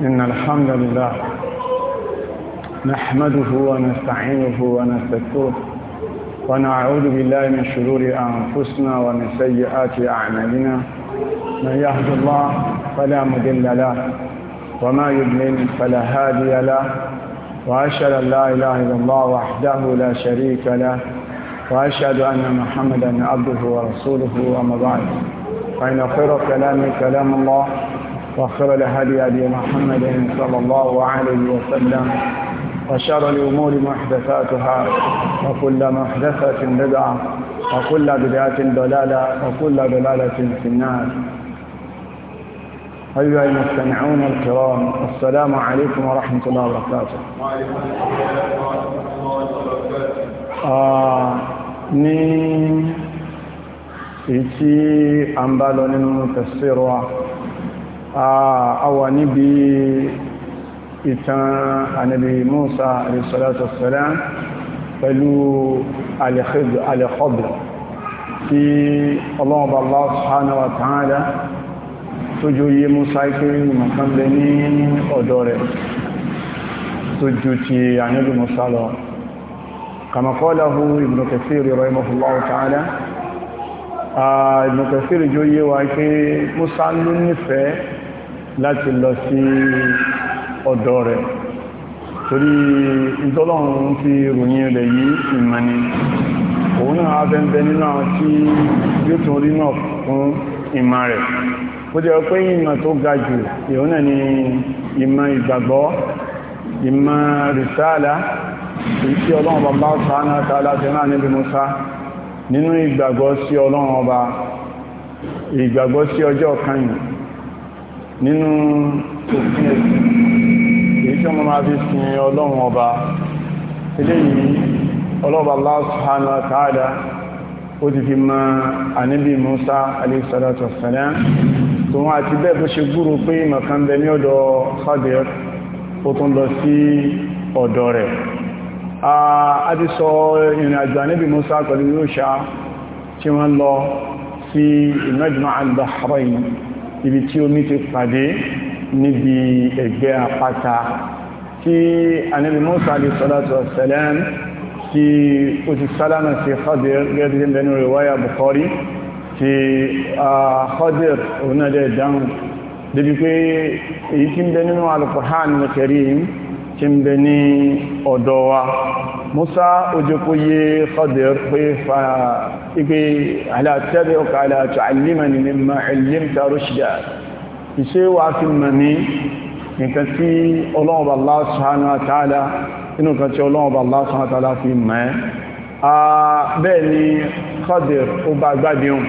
إن الحمد لله نحمده ونستعينه ونستكفره ونعوذ بالله من شرور أنفسنا ومن سيئات أعمالنا من يهد الله فلا مضل له وما يضلل فلا هادي له وأشهد أن لا إله إلا الله وحده لا شريك له وأشهد أن محمدا عبده ورسوله وما بعد فإن خير كلام كلام الله وخير الهدي هدي محمد صلى الله عليه وسلم وشر الأمور محدثاتها وكل محدثة بدعة وكل بدعة ضلالة وكل ضلالة في النار أيها المستمعون الكرام السلام عليكم ورحمة الله وبركاته وعليكم السلام ورحمة ní وبركاته. tí a ń a wà níbi ìtàn ànábì Musa àrísọ́látọ̀ sẹ́lá pẹ̀lú alẹ́kọ́bì tí ọlọ́ọ̀bà Allah subhanahu wa ta'ala tó jò yí Musa ikú mọ̀kán lẹ ní ọ̀dọ̀ rẹ̀ tó jù ti ànábì Musa lọ kama qalahu Ibn Kathir rahimahullahu ta'ala Ibn Kathir láti lọ sí ọ̀dọ̀ rẹ̀ torí ìtọ́lọ́run fi ròyìn rẹ̀ yìí ìmọ̀ni òun náà abẹ́ǹbẹ́ nínú àwọn tí yóò tún rí náà fún ìmọ̀ rẹ̀ ó jẹ́ pé ìmọ̀ tó ga jù ìhun náà ni ìmọ̀ ìgbàgbọ́ ìmọ̀ rìsáàlá èyí tí ọlọ́run bàbá sáánà tààlà ti náà níbi Musa nínú ìgbàgbọ́ sí ọlọ́run ọba ìgbàgbọ́ sí ọjọ́ kan yìí nínú òfin ẹ̀sìn èyí tí ọmọ máa fi sin ọlọ́run ọba eléyìí ọlọ́ọ̀bà Allah subhanahu wa ta'ala ó ti fi ma ànábì Musa alayhi salatu wassalam tó wọ́n àti bẹ́ẹ̀ tó ṣe gúrò pé mọ̀kan bẹ ní ọ̀dọ̀ Khadir ó tún lọ sí ọ̀dọ̀ rẹ̀ tí wọ́n lọ sí Majma' al-Bahrain ibi tí omi ti pàdé níbi ẹgbẹ́ àpáta tí anẹ́bí Musa alayhi salatu wa salam tí ó ti sálámà sí Khadir gẹ́gẹ́ bẹnu riwaya Bukhari tí Khadir onídẹ̀ dáhùn débi pé èyí tí ń bẹ nínú al tí ń bẹ musa ojokoye khadir pé fa ipe alatẹ́rẹ ọkà alatọ̀ alimani ni ma alimta rushda iṣẹ́ wa fi mọ̀ ní nǹkan tí ọlọ́ọ̀bà Allah subhanahu wa ta'ala inú kan tí ọlọ́ọ̀bà Allah subhanahu wa ta'ala fi mọ̀ bẹ́ẹ̀ ni khadir ó bá gbádìún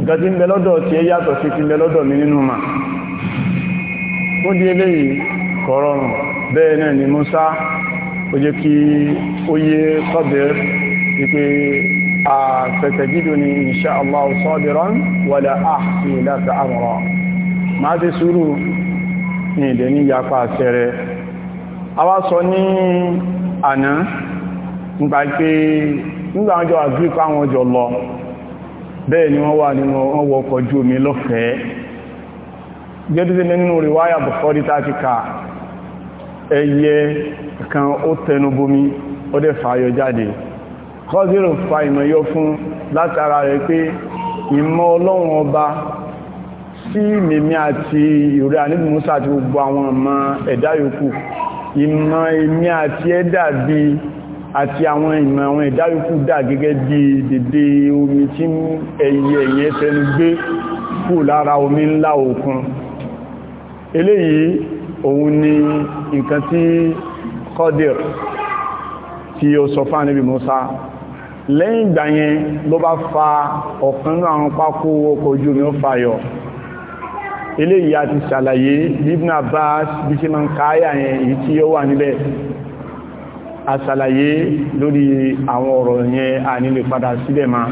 nǹkan tí ń bẹ lọ́dọ̀ tí ẹ yàtọ̀ sí ti bẹ lọ́dọ̀ mi nínú ma ó di eléyìí kọ̀rọ̀rùn bẹ́ẹ̀ náà ni Musa ó jẹ́ kí ó yé kọ́bẹ̀ wípé ni Allah a wá sọ àgbíkọ́ àwọn ọjọ́ lọ bẹ́ẹ̀ ni wọ́n wà nínú ọwọ́ ọkọ̀ ojú omi lọ́fẹ̀ẹ́ gẹ́dúdé nínú ríwáyà bọ̀fọ́dí tàbí ká ẹyẹ kan ó tẹnu bomi ó dẹ̀ fàyọ jáde kọ́zírò fa ìmọ̀yọ fún látara rẹ̀ pé ìmọ̀ ọlọ́run ọba sí mèmí àti ìrẹ́ àníbì Musa gbogbo àwọn ọmọ ẹ̀dá yòókù ìmọ̀ èmi àti ẹ̀dà bíi àti àwọn ìmọ̀ àwọn ìdáyókù dà gẹ́gẹ́ bí dédé omi tí ẹyẹ ẹ̀yẹ fẹnu gbé kù lára omi ńlá òkun eléyìí òun ni nǹkan tí Qadir tí ó sọ fún Ànábì Mùsá lẹ́yìn ìgbà yẹn ló bá fa ọ̀kan náà àwọn pákó ọkọ̀ ojú omi ó fàyọ̀ eléyìí a ti ṣàlàyé Ibn Abbas bí ṣe máa ń káyà yẹn èyí tí ó wà níbẹ̀ àṣàlàyé lórí àwọn ọ̀rọ̀ yẹn a nílè padà síbẹ̀ ma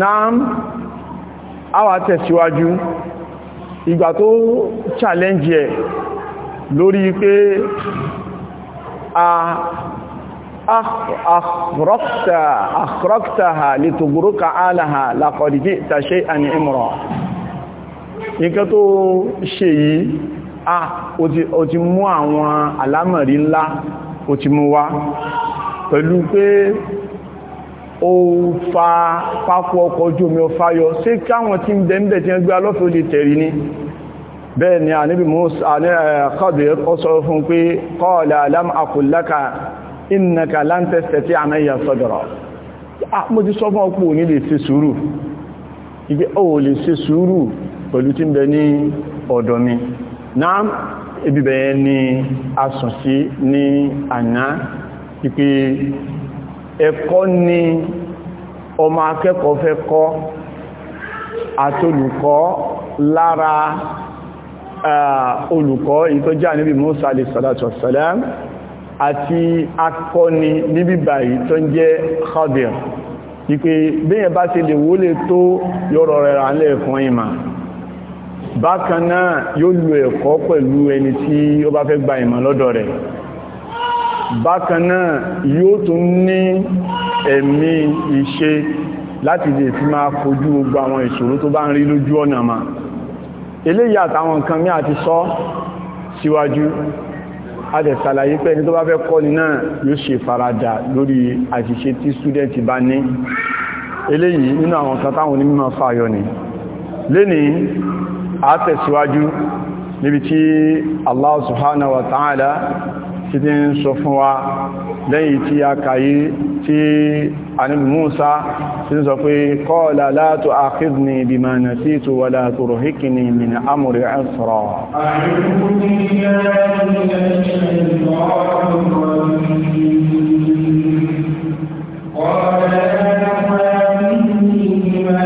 náà a wà tẹ̀síwájú ìgbà tó challenge ẹ̀ lórí pé a akhraqtaha litughriqa alaha laqad ji'ta shay'an imra nǹkan tó ṣe yìí a ó ti mú àwọn àlámọ̀rí ńlá ó ti mú wá pẹ̀lú pé ó fa pápọ̀ ọkọ̀ ojú omi ọfáyọ sí káwọn tí ń bẹ̀ ń bẹ̀ tí ń gbé alọ́fẹ́ olè tẹ̀rí ní bẹ́ẹ̀ ni àníbì Khadir ó sọ fún pé qala lam aqul laka innaka ibi ni a ní àná ìpé ẹ̀kọ́ ni ọmọ akẹ́kọ̀ọ́ fẹ́ kọ́ àtolùkọ́ lára olùkọ́ ìtọ́já níbi Musa alayhi salatu wassalam àti akọni níbi báyìí tó ń jẹ́ Khadir ìpé bẹ́yẹn bá ti lè wólè tó yọ́rọ̀ rẹ̀ rà fún ìmà bákan náà yóò lo ẹ̀kọ́ pẹ̀lú ẹni tí ó bá fẹ́ gba ìmọ̀ lọ́dọ̀ rẹ̀ bákan náà yóò tún ní ẹ̀mí ìṣe láti lè fi máa kojú gbogbo àwọn ìṣòro tó bá ń rí lójú ọ̀nà mà eléyìí àtàwọn nǹkan mí àti sọ síwájú adẹ̀sàlàyé pé ẹni tó bá fẹ́ kọ́ni náà yóò ṣe faradà lórí àṣìṣe tí súdẹ́ntì bá ní eléyìí nínú àwọn kan táwọn onímọ̀ fàyọ ni lénìí àtẹ̀síwájú níbi tí Allah subhanahu wa ta'ala ti ti ń sọ fún wa lẹ́yìn tí a kàyí tí Ànábì Mùsá ti ń sọ pé qala la tu'akhidhni bima nasitu wa la turhiqni min amri usra قال لا تؤاخذني بما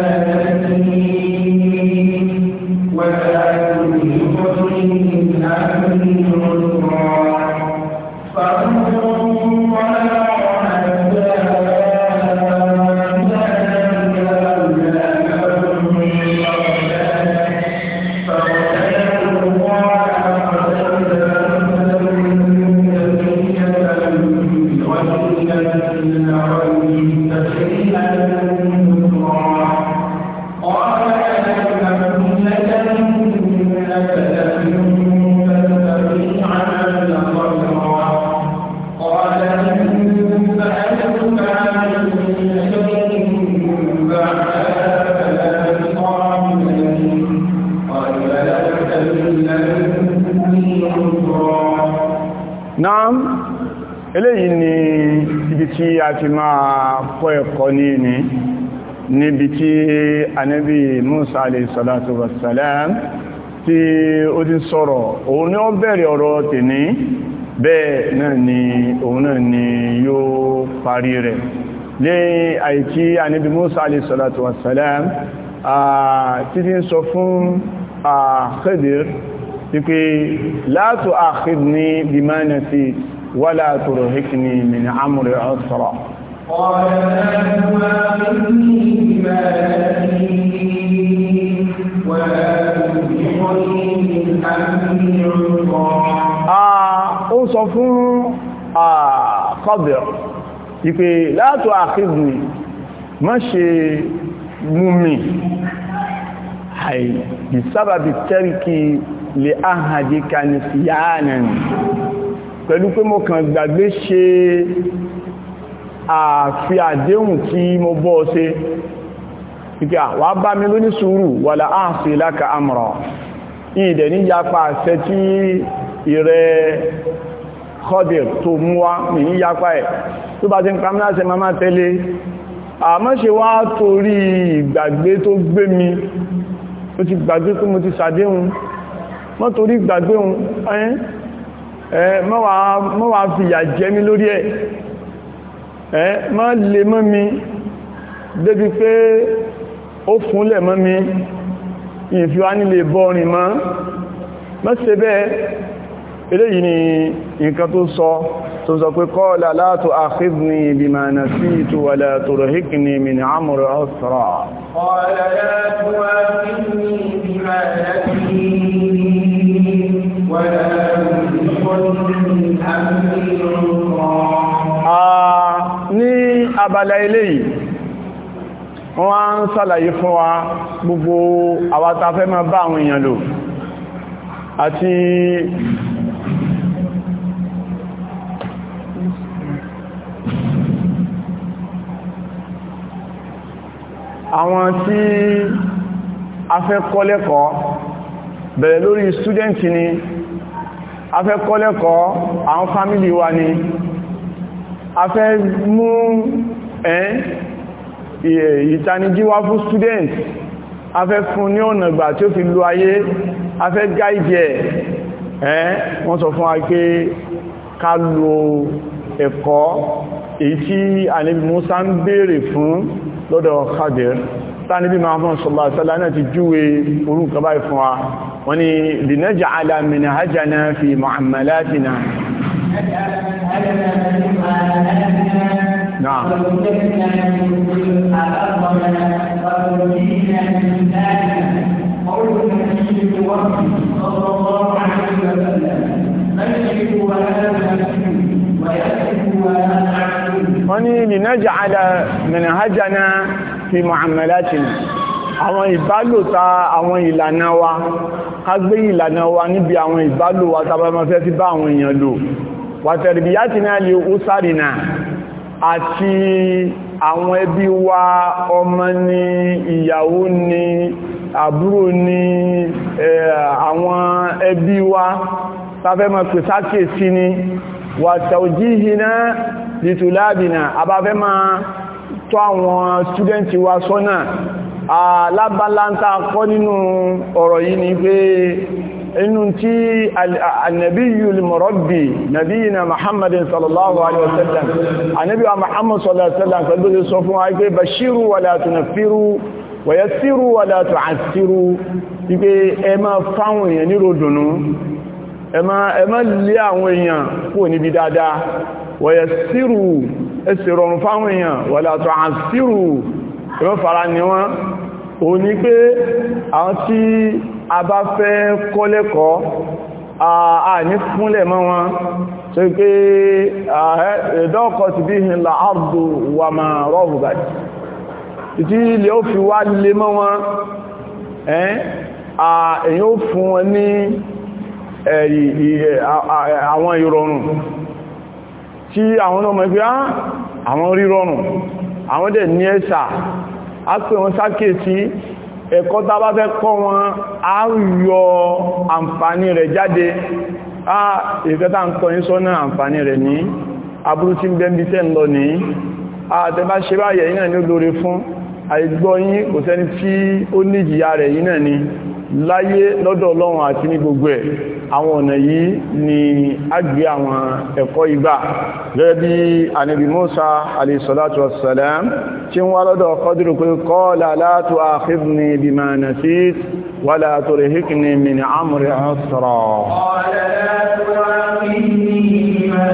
tí a ti máa kọ́ ẹ̀kọ́ ní ní níbi tí anábì Musa alayhi salatu wassalam tí ó ti sọ̀rọ̀ òun ni ó bẹ̀rẹ̀ ọ̀rọ̀ tèní bẹ́ẹ̀ náà ni òun náà ni yóò parí rẹ̀ ní àìkí anábì Musa alayhi salatu wassalam títí ń sọ fún Khidir wípé la tu'akhidhni bima nasit ولا ترهكني من امر عسرا قال لا تؤاخذني بما ولا ترهقني من امر عسرا ó sọ fún Khadir ìpé la tu'akhidhni má ṣe mú àì bí sábàbí lè áhàjíkà ní síyánà pẹ̀lú pé mo kàn gbàgbé ṣe àfi àdéhùn tí mo bọ́ ṣe ìpé àwà bá mi ló ní sùúrù wà láàáfì láka àmọ̀rọ̀ ìdẹ̀ ní yapa àṣẹ tí ìrẹ kọ́dìr tó mú wá mi ní yapa ẹ̀ tó bá ti ń pa mílá ṣe tẹ́lé àmọ́ wá torí ìgbàgbé tó gbé mi mo ti gbàgbé tó mo ti sàdéhùn mọ́ torí ìgbàgbé mọ́ wà fi ìyà jẹ mí lórí ẹ̀ mọ́ lè mọ́ mi débi pé ó fúnlẹ̀ mọ́ mi ìfíwá nílé bọ́rin mọ́ mọ́ ṣe bẹ́ẹ̀ eléyìí ni nǹkan tó sọ tó sọ pé qala la tu'akhidhni bima nasitu wa la turhiqni min amri usra qala la tu'akhidhni bima nasitu wa la turhiqni ní abala eléyìí wọ́n á ń sàlàyé fún wa gbogbo àwátafẹ́ máa bá àwọn èèyàn lò àti àwọn tí a fẹ́ kọ́ bẹ̀rẹ̀ lórí student ni a fẹ́ kọ́lẹ́kọ́ àwọn fámílì wa ni a fẹ́ mú ẹ́n ìtanijí wá fún student a fẹ́ fún ní ọ̀nà ìgbà tí ó fi lo ayé a fẹ́ gáìdì ẹ̀ wọ́n sọ fún wa pé ká lo ẹ̀kọ́ èyí tí àníbì Musa ń béèrè fún lọ́dọ̀ Khadir tánibí ma fún sọ̀lá sọ́lá وني لنجعل منهجنا في معاملاتنا نعم لنجعل منهجنا في معاملاتنا àwọn ìbálòta àwọn ìlànà wa ká gbé ìlànà wa níbi àwọn ìbálò wa tàbámọ́fẹ́ ti bá àwọn èèyàn lò wàtẹ̀rìbí yàtì náà lè ó sáré náà àti àwọn ẹbí wa ọmọ ni ìyàwó ni àbúrò ni àwọn ẹbí wa tàbẹ́ pè sáké ni wàtàójíhìná lítòláàbìnà àbáfẹ́ alábáláńtà kọ́ nínú ọ̀rọ̀ yìí ni pé inú tí annabi yul murabbi nabiyina muhammadin sallallahu alaihi wasallam annabi wa muhammad sallallahu alaihi wasallam pẹ̀lú sọ fún wa pé bashiru wa la tunfiru wa yassiru wa la tu'assiru pé ẹ má fáwọn èèyàn ní ròdùnú ẹ má ẹ má lé àwọn èèyàn kò níbi dáadáa fara ni wọ́n ó ní pé àwọn tí a bá fẹ́ kọ́ lẹ́kọ̀ọ́ a ní fúnlẹ̀ mọ́ wọn tó pé ẹ̀dọ́kọ̀ ti bí i la ardu wà máa rọ́bù bàjì títí ilẹ̀ ó fi wá lè mọ́ wọn ẹ̀yìn ó fún wọn ní àwọn ìrọ̀rùn tí àwọn ọmọ ẹgbẹ́ àwọn rírọ̀rùn àwọn dẹ̀ ní ẹ̀sà a pè wọn sákèsí ẹ̀kọ́ tá bá fẹ́ kọ́ wọn a yọ àǹfààní rẹ̀ jáde a ìfẹ́ta ń tọ́ yí sọ́nà àǹfààní rẹ̀ ní aburú tí ń bẹ́ bí tẹ́ ń lọ ní àtẹ́bá ṣe báyẹ̀ yìí náà ní olóore fún àìgbọ́ kò sẹ́ni àwọn ọ̀nà yìí ni a gbé àwọn ẹ̀kọ́ ìgbà gẹ́gẹ́ bí ànábì Musa alayhi salatu wassalam tí wọ́n lọ́dọ̀ Khadiru pé qala la tu'akhidhni bima nasit wala turhikni min amri usra qala la tu'akhidhni bima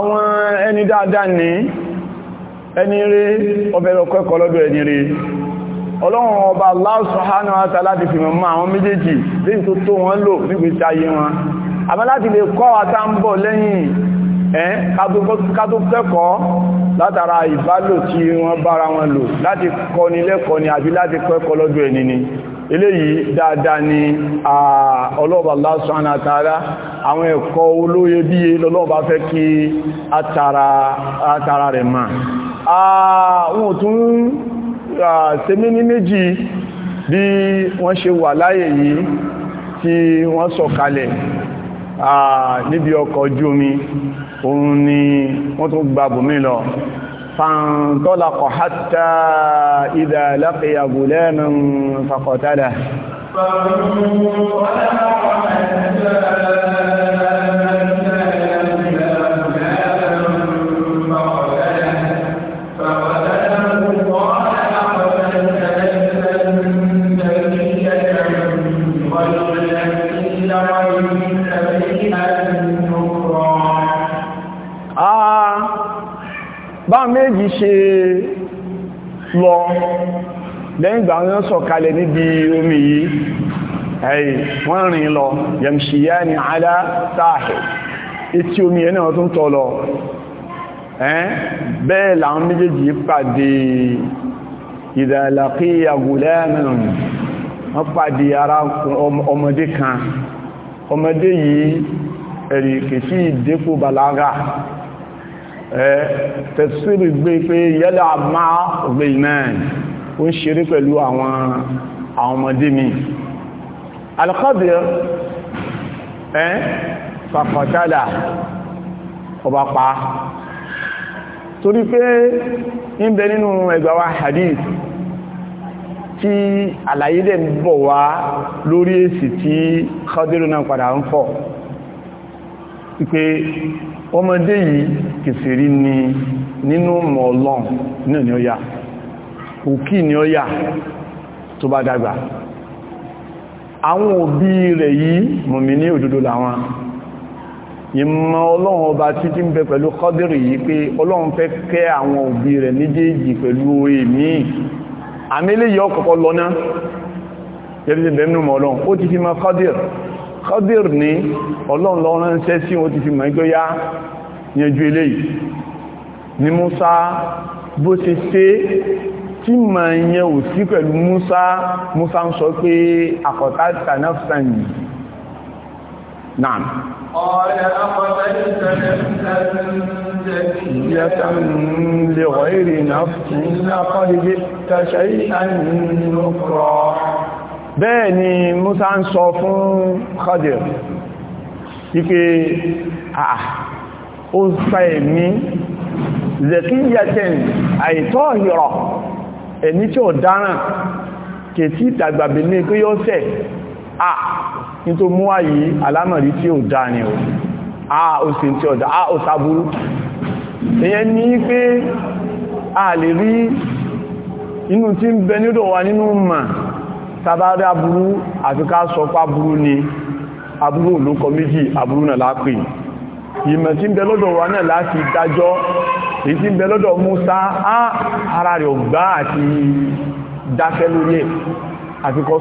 àwọn ẹni dáadáa ni ẹni rí ọbẹ̀rẹ̀ ọkọ̀ ẹ̀kọ́ lọ́dọ̀ ẹni rí ọlọ́run ọba Allah subhanahu wa ta'ala láti fi mọ̀ àwọn méjèèjì lè tó tó wọ́n lò nígbèsí ayé wọn àmá láti lè kọ́ àtà ń bọ̀ lẹ́yìn ẹ́n kátó kẹ́kọ̀ọ́ látara ìbálò tí wọ́n bára wọn lò láti kọ́ni lẹ́kọ̀ọ́ ni àbí láti eléyìí dáadáa ni ọlọ́ọ̀bà Allah subhanahu wa ta'ala àwọn ẹ̀kọ́ olóye bí i lọ́lọ́ọ̀bà fẹ́ kí àtàrà rẹ̀ ma wọ́n tún sẹ́mí ní méjì bí wọ́n ṣe wà láyé yìí tí wọ́n sọ̀kalẹ̀ níbi ọkọ̀ ojú omi òun ni wọ́n tún gbàbùmí lọ فانطلق حتى إذا لقي غلاما فقتله فانطلق lọ lẹ́yìn ìgbà wọn sọ̀kalẹ̀ níbi omi yìí ẹ̀yìn wọ́n rìn lọ yẹmṣìyà ní alá sáàhẹ̀ etí omi ẹ̀ náà tún tọ́ lọ bẹ́ẹ̀ làwọn méjèèjì pàdé ìdàlàkí àgùlẹ́ mẹ́rin wọ́n pàdé ara tẹ̀síìrì gbé pé yẹ́lẹ̀ àmá ọgbẹ̀ ìmẹ́rin ó ń ṣeré pẹ̀lú àwọn ọmọdé mi Al-Qadir ẹ́ fàkọ̀tàlà ọba pa torí pé ń bẹ nínú ẹgbàwà hadith tí àlàyé dẹ̀ ń bọ̀ wá lórí èsì tí Khadiru náà padà ń fọ̀ pé ọmọdé yìí kèfèrí ni nínú ọmọ ọlọ́run náà ni ó yà òkí ni ó yà tó bá dàgbà àwọn òbí rẹ̀ yìí mọ̀mí ní òdodo làwọn ìmọ̀ ọlọ́run ọba títí ń bẹ pẹ̀lú kọ́dìrì yìí pé ọlọ́run fẹ́ kẹ́ àwọn òbí rẹ̀ méjèèjì pẹ̀lú èmì àmì eléyìí ọkọ̀kọ́ lọ náà yẹ́bí ti bẹ̀rẹ̀ ọlọ́run ó ti fi mọ̀ kọ́dìrì Khadir ní ọlọ́run lọ ránṣẹ́ sí wọn ti fi mọ̀ ẹgbẹ́ yá yẹnjú eléyìí ni Musa bó ṣe ṣe tí ma yẹn ò sí pẹ̀lú Musa Musa ń sọ pé àkọ̀tà tanafsan yìí náà ọ̀rẹ́ àkọ̀tà tanafsan زكية لغير نفس لقد جئت شيئا نكرا bẹ́ẹ̀ ni Musa ń sọ fún Khadir wípé àà ó ń sa ẹ̀mí zekiyaten àìtọ́ ìrọ̀ ẹ̀mí tí ó dáràn kètí ìtàgbàbì ní kí yóò sẹ̀ a ní tó mú àyí alámọ̀rí tí ó dá ni ó a ó sì tí ó dá à ó sáburú ní pé a lè rí inú tí ń bẹ nílò wa nínú màá tàbárí aburú àfi ká sọ pá aburú ni aburú olókọ méjì aburú náà lápè ìmọ̀ tí ń bẹ lọ́dọ̀ wa náà láti dájọ́ èyí tí ń bẹ lọ́dọ̀ Musa á ara rẹ̀ ògbá àti dákẹ́ lórí ẹ̀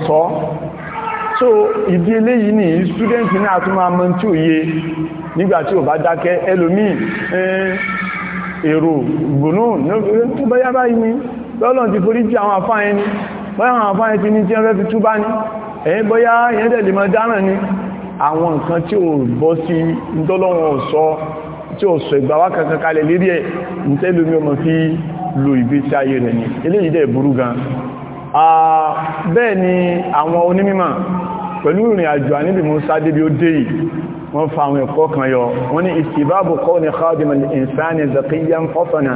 sọ so ìdí eléyìí ni student náà tún máa mọ̀ tí ò yé nígbà tí ò bá dákẹ́ ẹlòmíì eh, èrò gbónú ní ó bá yá báyìí ni lọ́lọ́ ti forí jì àwọn àfáà ẹni bóyá àwọn àfáà ti ní tí wọ́n fẹ́ fi túbá ní ẹ̀yìn bóyá yẹn tẹ̀lé mọ́ dáràn ní àwọn nǹkan tí ò bọ́ sí ìtọ́lọ́wọ̀n sọ tí ò sọ ìgbà wákàtà kalẹ̀ lérí ẹ̀ ń tẹ́lú mi ọmọ fi lo ìgbésí ayé rẹ̀ ní eléyìí dẹ̀ burú gan bẹ́ẹ̀ ni àwọn onímímọ̀ pẹ̀lú ìrìn àjò àníbì Musa débi ó dé yìí wọ́n fa àwọn ẹ̀kọ́ kan yọ wọ́n ní ìsìbábù kọ́ ní khadim al-insani zakiyan fọ́tọ̀nà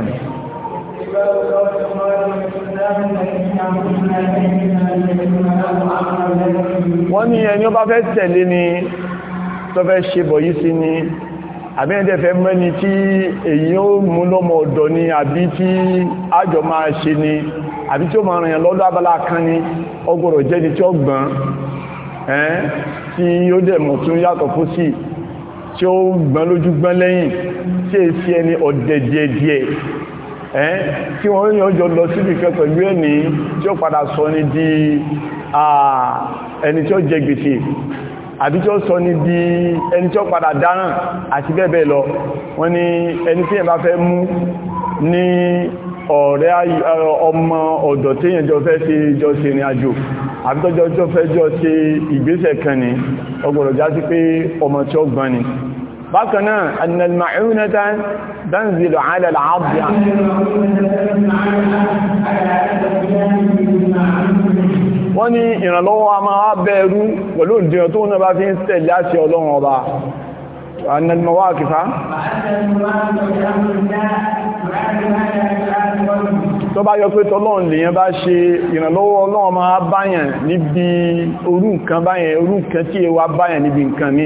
wọ́n ní ẹni ó bá fẹ́ tẹ̀lé ni tó fẹ́ ṣe bọ̀ yìí sí ni àbí ẹ̀dẹ̀ fẹ́ mẹ́ni tí èyí ó mú lọ́mọ ọ̀dọ̀ ni àbí tí àjọ máa ṣe ni àbí tí ó máa rìnyàn lọ́dọ̀ abala kan ni ọgbọ̀rọ̀ jẹ́ ni tí ó gbọ́n ẹ́n tí ó dẹ̀ mọ̀ tún yàtọ̀ fún sí tí ó gbọ́n lójú gbọ́n lẹ́yìn tí èsì ẹni ọ̀dẹ̀dẹ̀dẹ̀ ẹ́n tí wọ́n yàn jọ lọ síbi kan pẹ̀lú ẹni tí ó padà sọ ní di ẹni tí ó jẹ gbèsè àbí tí ó sọ ní di ẹni tí ó padà dáràn àti bẹ́ẹ̀bẹ́ẹ̀ lọ wọ́n ní ẹni tí ẹ̀bá fẹ́ mú ní ọ̀rẹ́ ọmọ ọ̀dọ̀ tí èyàn jọ fẹ́ ṣe jọ ṣe ìrìn àjò àbí fẹ́ jọ ṣe ìgbésẹ̀ kan ní ọgbọ̀rọ̀ já sí pé ọmọ tí ó gbọ́n ni bákanáà annalma'únata dánzìlò alàlàábíà wọ́n ní ìrànlọ́wọ́ a máa bẹ̀rú pẹ̀lú ìdíyàn tó náà bá fi ń tẹ̀lé àṣẹ ọlọ́run ọba وأن المواقف tó bá yọ pé tọ́lọ́run lèyàn bá ṣe ìrànlọ́wọ́ ọlọ́run máa báyàn níbi orú nǹkan báyàn orú nǹkan tí ewa báyàn níbi nǹkan ní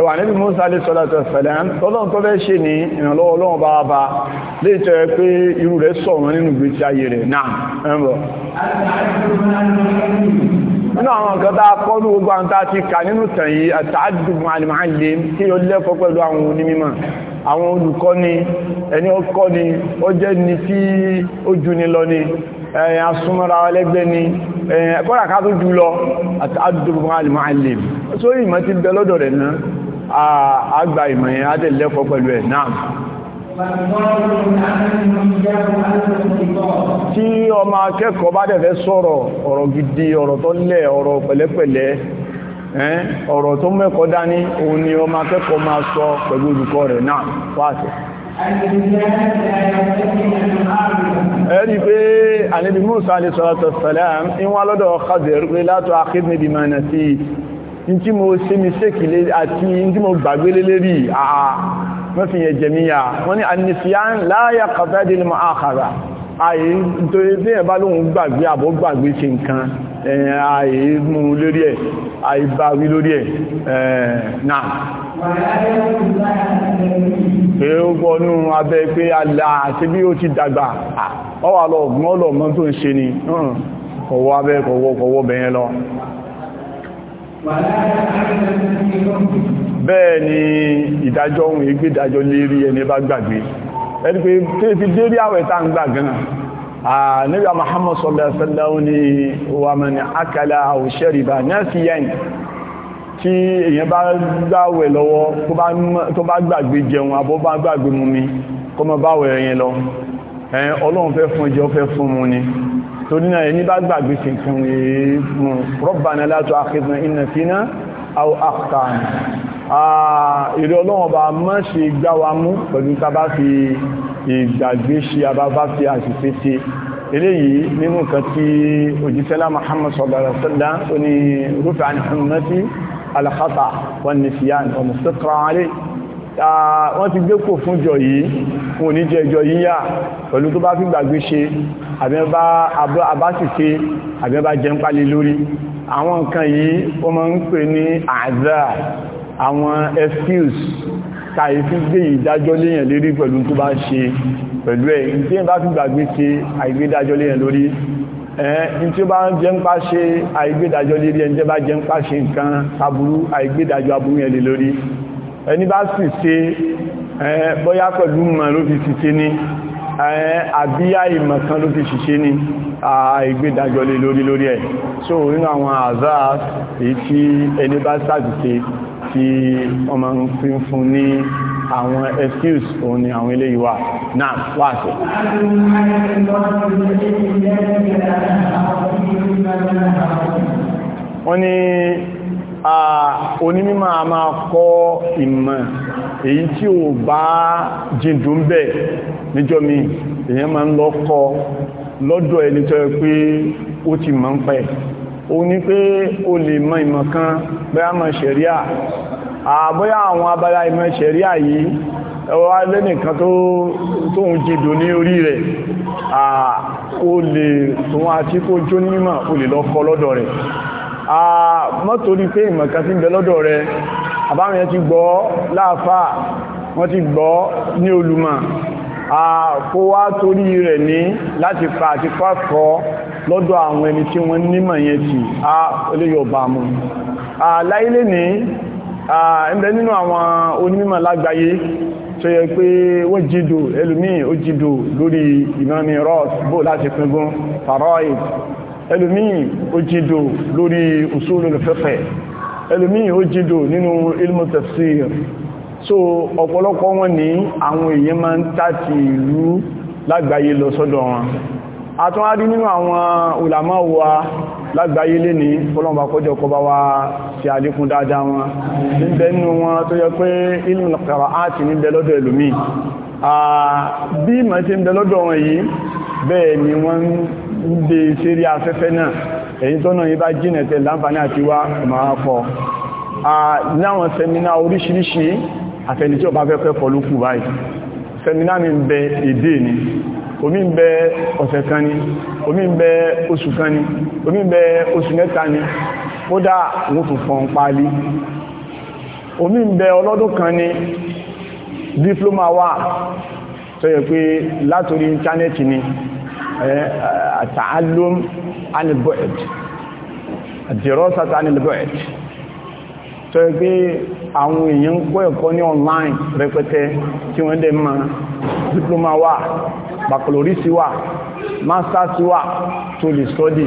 ẹwà níbi Musa alẹ́ sọ́lọ́tọ̀ sẹ̀lẹ̀m tọ́lọ́run tó fẹ́ ṣe ní ìrànlọ́wọ́ ọlọ́run bá bá lè tẹ́ pé irú rẹ̀ sọ̀rọ̀ nínú ìgbésí ayé rẹ̀ náà ẹ̀rọ nínú àwọn nǹkan tá a kọ́ ní gbogbo àwọn tá a ti kà nínú tàn yìí àtàdùn àlìmáàlè tí ó lẹ́kọ̀ọ́ pẹ̀lú àwọn onímọ̀ àwọn olùkọ́ni ẹni ó kọ́ ni ó jẹ́ ni tí ó jù ni lọ ni ẹ̀yìn asúnmọ́ra ẹlẹ́gbẹ́ ni ẹ̀kọ́ra tó jù lọ àtàdùn àlìmáàlè tí ọmọ akẹ́kọ̀ọ́ bá dẹ̀ fẹ́ sọ̀rọ̀ ọ̀rọ̀ gidi ọ̀rọ̀ tó lẹ̀ ọ̀rọ̀ pẹ̀lẹ́pẹ̀lẹ́ ọ̀rọ̀ tó mẹ́kọ̀ọ́ dání òun ni ọmọ akẹ́kọ̀ọ́ máa sọ pẹ̀lú olùkọ́ rẹ̀ náà pàṣẹ ẹni pé àníbì Mùsá alẹ́ sọ́lọ́tọ̀ sàlám ìwọ́n alọ́dọ̀ Khadir pé látọ̀ akéde bí mẹ́rin àti ìtí mo ṣe mi ṣèkìlẹ̀ àti ìtí mo gbàgbélé lérí àà wọ́n fi yẹ jẹ̀míyà wọ́n ní anìsíyàn láyà kàtàdì ní àkàrà àyè nítorí tí ẹ̀ bá lóhun gbàgbé àbọ̀ gbàgbé ṣe nǹkan àyè mú lórí ẹ̀ àyè bá wí lórí ẹ̀ náà pé ó gbọ́nú abẹ́ pé alà àti bí ó ti dàgbà ọwà lọ ọgbọ́n lọ mọ́ tó ń ṣe ni ọwọ́ abẹ́ kọ̀wọ́ kọ̀wọ́ bẹ̀yẹn lọ bẹ́ẹ̀ ni ìdájọ́ ohun ìgbé ìdájọ́ lérí ẹni bá gbàgbé ẹni pé tí fi dérí àwẹ̀ tá ń gbà gan nígbà Muhammad sallallahu ni wà man akala aw shariba nasiyan tí èyàn bá gbàwẹ̀ lọ́wọ́ tó bá gbàgbé jẹun àbọ́ bá gbàgbé mú mi kọmọ yẹn torí náà ẹni bá gbàgbé sí fún èèmù Rabbana la tu'akhidhna in nasina aw akhta'na ìrẹ́ ọlọ́wọ́n bá má ṣe gbá wa mú pẹ̀lú tàbá fi ìgbàgbé ṣe àbábá fi àṣìṣe ṣe eléyìí nínú kan tí òjíṣẹ́lá Muhammad sallallahu wọ́n ti gbé kò fún jọ yìí fún oníjẹ ìjọ yìí yà pẹ̀lú tó bá fi gbàgbé ṣe àbẹ́bá abásìṣe àbẹ́bá jẹun pálé lórí àwọn nǹkan yìí wọ́n máa ń pè ní àzá àwọn excuse káyé fi gbé ìdájọ́ léyàn lérí pẹ̀lú tó bá ṣe pẹ̀lú ẹ̀ tí bá fi gbàgbé ṣe àìgbédájọ́ léyàn lórí ẹ̀ẹ́n tí ó bá jẹ́ ń pa ṣe àìgbédájọ́ lérí ẹni tẹ́ bá jẹ́ ń pa ṣe nǹkan aburú àìgbédájọ́ aburú yẹn lè lórí ẹni bá sì ṣe bóyá pẹ̀lú mọ̀ ló fi ṣiṣẹ́ ní àbíyá ìmọ̀ kan ló fi ṣiṣẹ́ ní àìgbédàjọ́ lé lórí lórí ẹ̀ so nínú àwọn àzá èyí tí ẹni bá sàdìṣe tí wọ́n máa ń fi fún ní àwọn excuse òun ni àwọn eléyìí wà náà wà wọ́n ni onímímọ̀ a máa kọ́ ìmọ̀ èyí tí ò bá jìndù ń bẹ̀ níjọ́ mi èyàn máa ń lọ kọ́ lọ́dọ̀ ẹni tó yẹ pé ó ti mọ̀ ń pẹ̀ o ní pé o lè mọ̀ ìmọ̀ kan bóyá mọ̀ ṣẹ̀ríà àbóyá àwọn abala ìmọ̀ mọ́tòrí pé ìmọ̀kan sí bẹ lọ́dọ̀ rẹ àbáwọn yẹn ti gbọ́ láàfà wọ́n ti gbọ́ ní olùmọ̀ kó wá torí rẹ̀ ní láti pa àti pàkọ́ lọ́dọ̀ àwọn ẹni tí wọ́n nímọ̀ yẹn ti a oléyọ̀bà mú láìlé ní ẹ̀mẹ́ nínú àwọn onímọ̀ lágbàáyé tó yẹ pé wọ́n jìdò ẹlòmíì ó jìdò lórí usulul fiqh ẹlòmíì ó jìdò nínú ilmu so ọ̀pọ̀lọpọ̀ wọn ní àwọn èèyàn máa ń tàti ìlú lágbàáyé lọ sọ́dọ̀ wọn a nínú àwọn ulama wa lágbàáyé lé ní ọlọ́mbà kọjọ wa ti àdíkún dáadáa wọn níbẹ̀ nínú wọn tó yẹ pé ilmu qira'ati níbẹ̀ lọ́dọ̀ ẹlòmíì bí ìmọ̀ ti dé sérí afẹ́fẹ́ náà èyí tọ́nà yí bá jìnà tẹ láǹfààní àti wá máa kọ́ láwọn sẹmínà oríṣiríṣi àfẹ́ni tí ó bá fẹ́ kẹ́kọ̀ọ́ ló kù báyìí sẹmínà mi ń bẹ èdè ni omi ń bẹ ọ̀sẹ̀ kan ni omi ọlọ́dún kan ni diploma wà tó yẹ pé látorí íńtánẹ́ẹ̀tì ni التعلم عن البعد الدراسة عن البعد tó yẹ pé àwọn èèyàn ń kọ́ ẹ̀kọ́ ní online rẹpẹtẹ tí wọ́n dẹ̀ ma diploma wà baccalaureate wà masters wà tó lè study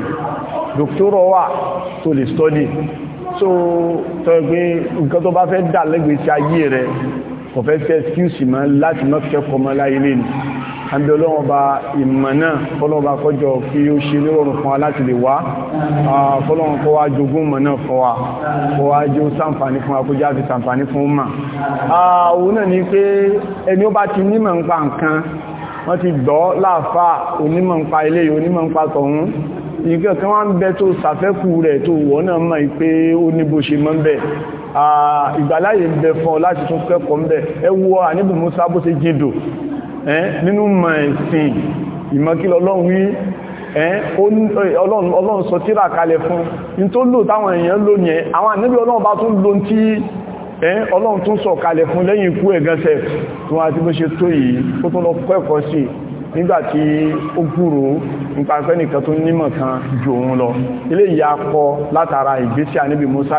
doctoral wà tó lè study so tó nǹkan tó bá fẹ́ dà lẹ́gbẹ̀ẹ́ sí ayé rẹ̀ kò fẹ́ fẹ́ síùsì mọ́ láti má kẹ́kọ̀ọ́ mọ́ láyé lè ní àbí ọlọ́wọ́n bá ìmọ̀ náà fọ́lọ́wọ́n bá kọjọ kí ó ṣe lérọ̀rùn fún wa láti lè wá fọ́lọ́wọ́n kọ́ wá jogún mọ̀ náà fún wa kọ́ wá jẹ́ ó sàǹfàní fún wa kó jáde sàǹfàní fún mà òun náà ni pé ẹni ó bá ti nímọ̀ ń pa nǹkan wọ́n ti gbọ́ láàfá onímọ̀ ń pa ilé onímọ̀ ń pa tọ̀hún nǹkan kan wá ń bẹ tó sàfẹ́kù rẹ̀ tó wọ́n náà mọ̀ pé ó ní bó ṣe mọ́ bẹ́ẹ̀ ìgbàláyè ń bẹ fún ọ láti tún kẹ́kọ̀ọ́ ń bẹ ẹ wò àníbì Musa bó ṣe jìndò nínú mọ̀ ẹ̀sìn ìmọ̀kílọ̀ ọlọ́run wí ọlọ́run sọ tírà kalẹ̀ fún in tó lò táwọn èèyàn lò yẹn àwọn àníbì ọlọ́run bá tún lò tí ọlọ́run tún sọ kalẹ̀ fún lẹ́yìn ikú ẹ̀gẹ́sẹ̀ tí wọ́n àti bó ṣe tó yìí ó tún lọ kọ́ ẹ̀kọ́ sí i nígbàtí ó gúrò nípa pé nìkan tó nímọ̀ kan jù òun lọ ilé ìyá kọ látara ìgbésí ànábì Musa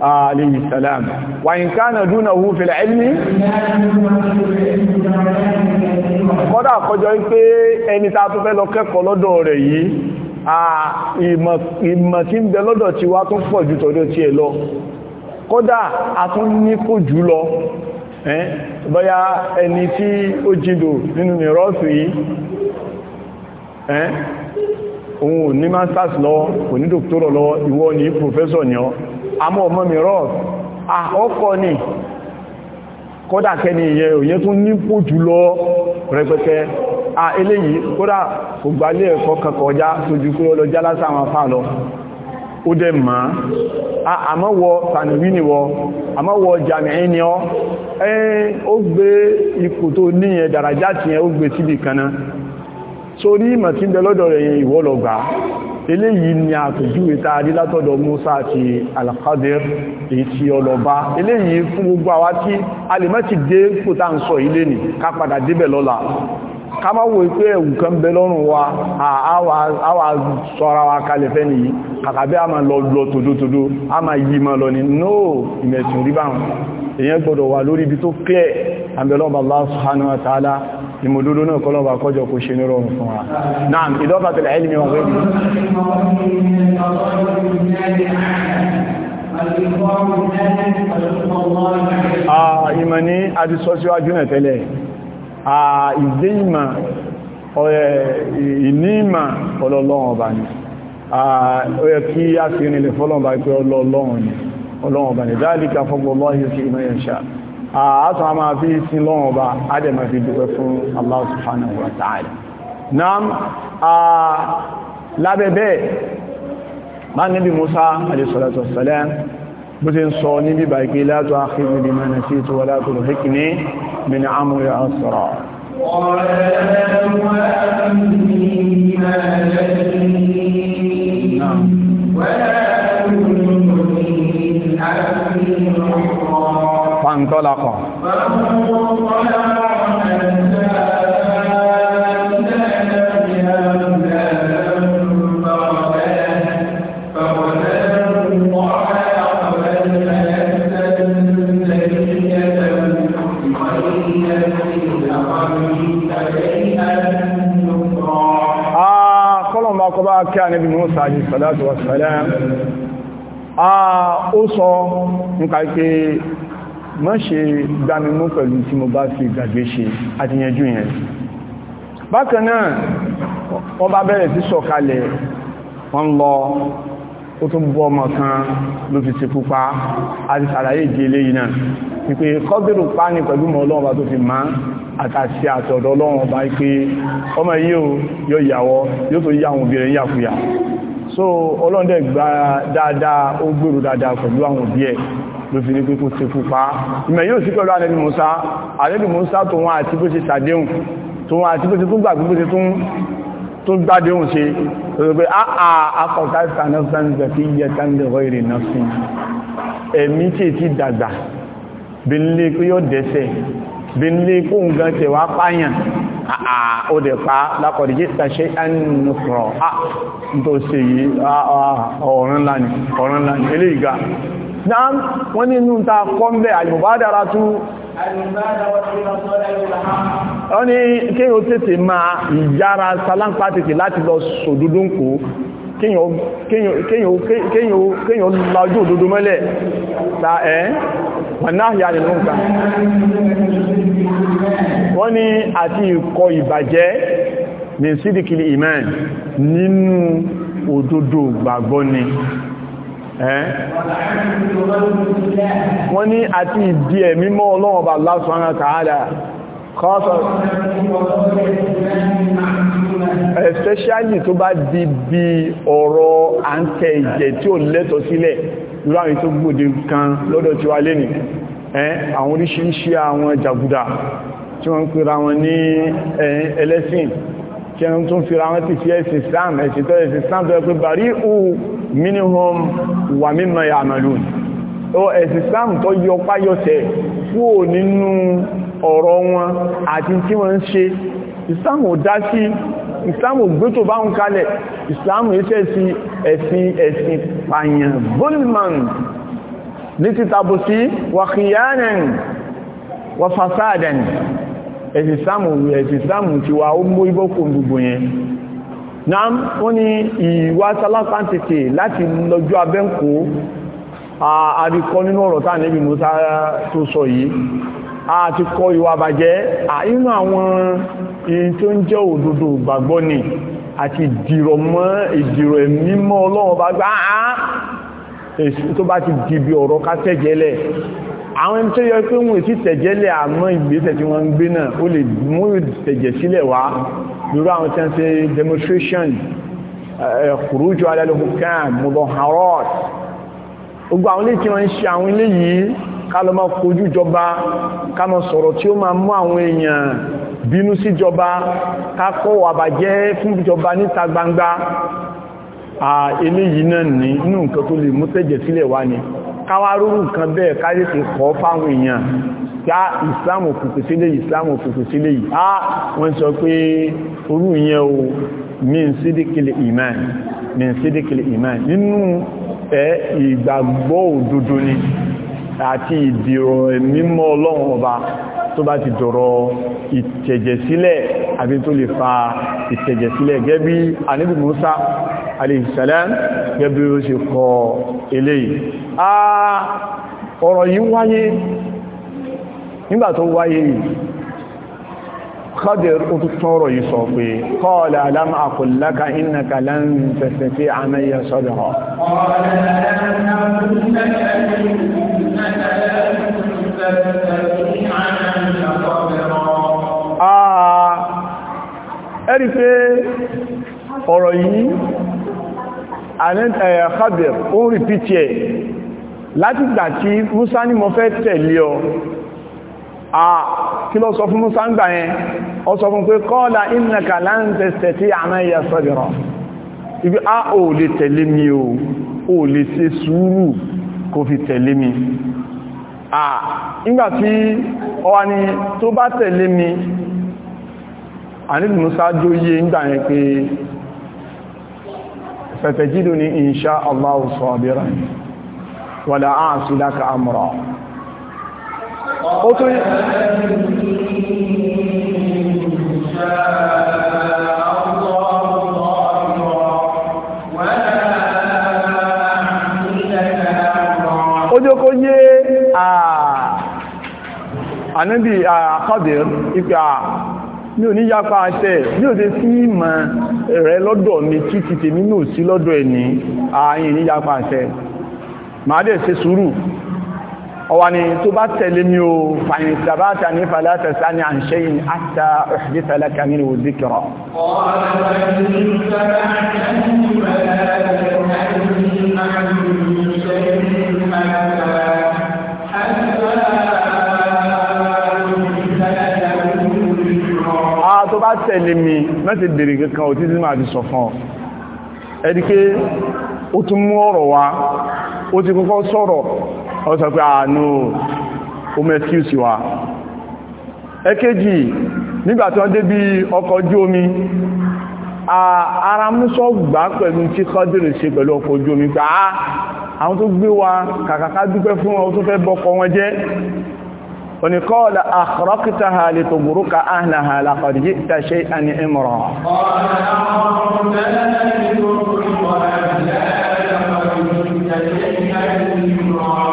alayhi salam wa in kana dunahu fil ilmi kọ́dà kọjọ́ pé ẹni tá tó fẹ́ lọ kẹ́kọ̀ọ́ lọ́dọ̀ rẹ̀ yìí ìmọ̀ tí ń bẹ lọ́dọ̀ bọ́yá ẹni tí ó jìndò nínú mìírọ́sù yìí òun ò ní masters lọ kò ní dòktórọ̀ lọ ìwọ ni professor ni ọ àmọ́ ọmọ mìírọ́sù ọkọ̀ ni kódà kẹni ìyẹn òyẹ́ tún ní pò jùlọ rẹpẹtẹ a eléyìí kódà kò gbálẹ̀ ẹ̀kọ́ kankan ọjá tójú kúrò lọ jálásà àwọn afá lọ ó dẹ̀ máa àmọ́wọ tànìwí jami'in ni ọ ó gbé ipò tó dàrájá ó gbé síbì kaná sórí bẹ lọ́dọ̀ rẹ̀ eléyìí ni a rí látọ̀dọ̀ Musa àti al èyí ọlọ́ba eléyìí fún gbogbo àwa tí a lè ti dé ń sọ ilé nì ká padà débẹ̀ lọ́la ká má wò pé ẹ̀wù kan bẹ lọ́rùn wa àwà sọ́ra wa kalẹ̀ fẹ́ nìyí kàkàbẹ́ a máa lọ lọ tòdótòdó a máa yí ma lọ ní no ìmẹ̀sùn rí báhùn èyàn gbọ́dọ̀ wà lórí ibi tó clear àbẹ̀lọ́bà Allah subhanahu wa ta'ala ìmòdúdó náà kọlọ́bà kọjọ kò ṣe nírọ̀ fún wa náà ìdọ́fàtàlà ilmi wọn wẹ́bí ah, ìmọ̀ ní adìsọ́síwájú náà tẹ́lẹ̀ ìdé ìmà ìní ìmà ọlọ́lọ́run ọba ni ó yẹ kí a fi rìnlẹ̀ fọ́lọ́run bá pé ọlọ́lọ́run ni ọlọ́run ọba ni dáadìka fọ́gbọ́lọ́yìn sí ìmọ̀ ẹ̀ṣà àátọ́ a máa fi sí lọ́wọ́ ọba adẹ́mà fi dúpẹ́ fún Allah subhanahu wa ta'ala naam lábẹ́bẹ́ bá níbi Musa alayhi salatu wassalam بزين صوني بي لا تؤخذني بما نسيت ولا ترهقني من عمري أسرى قال ولا أمني ما جئني ولا أمني من عبد فانطلق Ànábì Mùsá alayhi salatu wa salam ó sọ nípa pé má ṣe gbámimú pẹ̀lú tí mo bá fi gbàgbé ṣe àtìyànjú yẹn bákan náà wọ́n bá bẹ̀rẹ̀ sí sọ̀kalẹ̀ wọ́n lọ ó tún bọ́ ọmọ kan ló fi ṣe pupa àti sàlàyé ìdí eléyìí náà wípé kọ́bìrù pa ní pẹ̀lú mọ́ ọlọ́ọ̀bá tó fi máa àtàṣì àtọ̀dọ̀ ọlọ́run ọba pé ọmọ yìí ò yọ ìyàwó yóò tó yá àwọn obìnrin yàkúyà so ọlọ́run dẹ̀ gba dáadáa ó gbèrò dáadáa pẹ̀lú àwọn òbí ẹ̀ ló fi ní pípò ti pupa ìmẹ̀ yóò sí pẹ̀lú ànẹ́bì Musa ànẹ́bì Musa tó wọn àti bó ṣe sàdéhùn tó wọn àti bó ṣe tún gbà bó ṣe tún gbádéhùn ṣe lọ́dọ̀ pé àkọ̀ọ̀ká ìsànẹ́fẹ́ǹsẹ̀ fi yẹ káńdẹ̀wọ́ ìrìn náà sí ẹ̀mí tí èti dàgbà bí nílé pé yóò dẹ́sẹ̀ bí ní kú nǹkan tẹ̀ wá pààyàn àà ó pa lákọ̀dì jíta ṣe ẹnùfọ̀rọ̀ à tó ṣe yìí ọ̀rán láni ilé ìgá náà wọ́n nínú ta tú ni kí o tètè máa ìyára salámpá tètè láti lọ so dudu kéyàn lájú òdòdó mẹ́lẹ̀ ta ẹ́ wọ̀náhìá nínú nǹkan wọ́n ni àti ìkọ ìbàjẹ́ ní sídìkìlì ìmẹ́ nínú òdòdó gbàgbọ́ ni wọ́n ni àti ìdí ẹ̀mímọ́ ọlọ́run bá lásán ara kọ́ọ̀sọ̀ especially tó bá di bí ọ̀rọ̀ à ń tẹ ìjẹ tí ó lẹ́tọ̀ sílẹ̀ láàrin tó gbòdè kan lọ́dọ̀ tí wà lẹ́nì àwọn oríṣìíríṣìí àwọn jàgùdà tí wọ́n ń pèrà wọn ní ẹlẹ́sìn tí wọ́n tún fi ra wọn ti fi ẹ̀sìn Islam ẹ̀sìn tó ẹ̀sìn Islam tó ẹ̀pẹ́ bàrí ò minimum wà mímọ̀ yà àmàlùn ẹ̀sìn ọ̀rọ̀ wọn àti tí wọ́n ń ṣe ìsìláàmù dá sí ìsìláàmù gbétò bá ń kalẹ̀ ìsìláàmù iṣẹ́ sí ẹ̀sìn ẹ̀sìn pàyàn bulman ní títàbù sí wàkìyànàn wàfàsádàn ẹ̀sìn ìsìláàmù ti wà ó mú ibọ́kùn gbogbo yẹn náà wọ́n nínú ọ̀rọ̀ táà níbi Mùsá tó sọ yìí àti kọ ìwà bàjẹ́ àínú àwọn èyí tó ń jẹ́ òdodo ìgbàgbọ́ ni àti ìdìrọ̀ mọ́ ìdìrọ̀ mímọ́ ọlọ́run bá gbá àá tó bá ti dìbì ọ̀rọ̀ ká tẹ̀jẹ́lẹ̀ àwọn ẹni tó yẹ pé wọ́n èsì tẹ̀jẹ́lẹ̀ àmọ́ ìgbésẹ̀ tí wọ́n ń gbé náà ó lè mú ìtẹ̀jẹ̀ sílẹ̀ wá lórí àwọn tí wọ́n ṣe demonstration kùrújù alẹ́lẹ́kùnkàn mọ̀lọ́hàrọ́t gbogbo àwọn ilé tí wọ́n ń ṣe àwọn ilé yìí kálọ máa kojú jọba ká máa sọ̀rọ̀ tí ó máa mú àwọn èèyàn bínú sí jọba kákọ́ àbàjẹ́ fún jọba níta gbangba à eléyìí náà ní inú nǹkan tó lè mú tẹ́jẹ̀ sílẹ̀ wá ni káwárúrù nǹkan bẹ́ẹ̀ káyé ti kọ́ fáwọn èèyàn yá ìsìláàmù òkùnkù sílé ìsìláàmù òkùnkù sílé yìí á wọ́n sọ pé orú ìgbàgbọ́ òdodo ni àti ìdìrọ̀ mímọ́ ọlọ́run ọba tó bá ti dọ̀rọ̀ ìtẹ̀jẹ̀sílẹ̀ àbí tó lè fa ìtẹ̀jẹ̀sílẹ̀ gẹ́bí ànábì Mùsá alayhi salam gẹ́bí ó ṣe kọ eléyìí ọ̀rọ̀ yìí wáyé nígbà tó wáyé Khadir ó tún tọ́rọ̀ yìí sọ pé qala ẹ̀rí pé ọ̀rọ̀ yìí àrẹ́ntẹ̀yà khabir ó ń rìpítì ẹ̀ láti gbà tí Musa ní mo fẹ́ tẹ̀lé ọ à kí ló sọ fún Musa ń gbà yẹn ọ sọ fún pé qala innaka lan tastati'a ma'iya sabira ibi a ò lè tẹ̀lé mi kó fi tẹ̀lé mi àà nígbàtí ọwà ni tó bá tẹ̀lé mi àníbì musa jó yé ń gbàyẹn pé fẹ̀tẹ̀jídò ní insha Allah sabiran wala a'si laka amra ó tó yí Ah. ànábì àkọ́dẹ̀ ipa ní ò ní yápa àṣẹ ní ò tẹ́ sí ìmọ̀ rẹ lọ́dọ̀ mi kí ti tèmi ní ò sí lọ́dọ̀ ẹni ààyìn ní ah, yápa àṣẹ máa dẹ̀ ṣe sùúrù ọwà ni tó bá tẹ̀lé mi o fàyìn sàbátà ní fàlátàsá ní àṣẹ́yìn àtà òṣìṣẹ́lẹ́kà nínú òdíkọ̀rọ̀ tẹ̀lé mi láti bèèrè kankan ò títí máa ti sọ fún ọ ẹni pé ó tún mú ọ̀rọ̀ wá ó ti kọ́kọ́ sọ̀rọ̀ ọ sọ pé àánú o mẹ́kíùsì wa ẹ̀kejì nígbà tí wọ́n dé bí ọkọ̀ ojú omi ara músọ́ gbà pẹ̀lú tí kọ́dìrì ṣe pẹ̀lú ọkọ̀ ojú omi gbà á ah, àwọn tó gbé wa kàkàká dúpẹ́ fún ọ tó fẹ́ bọ́kọ wọn jẹ́ oni qala akhraqtaha litubruka ahliha laqad ji'ta shay'an imra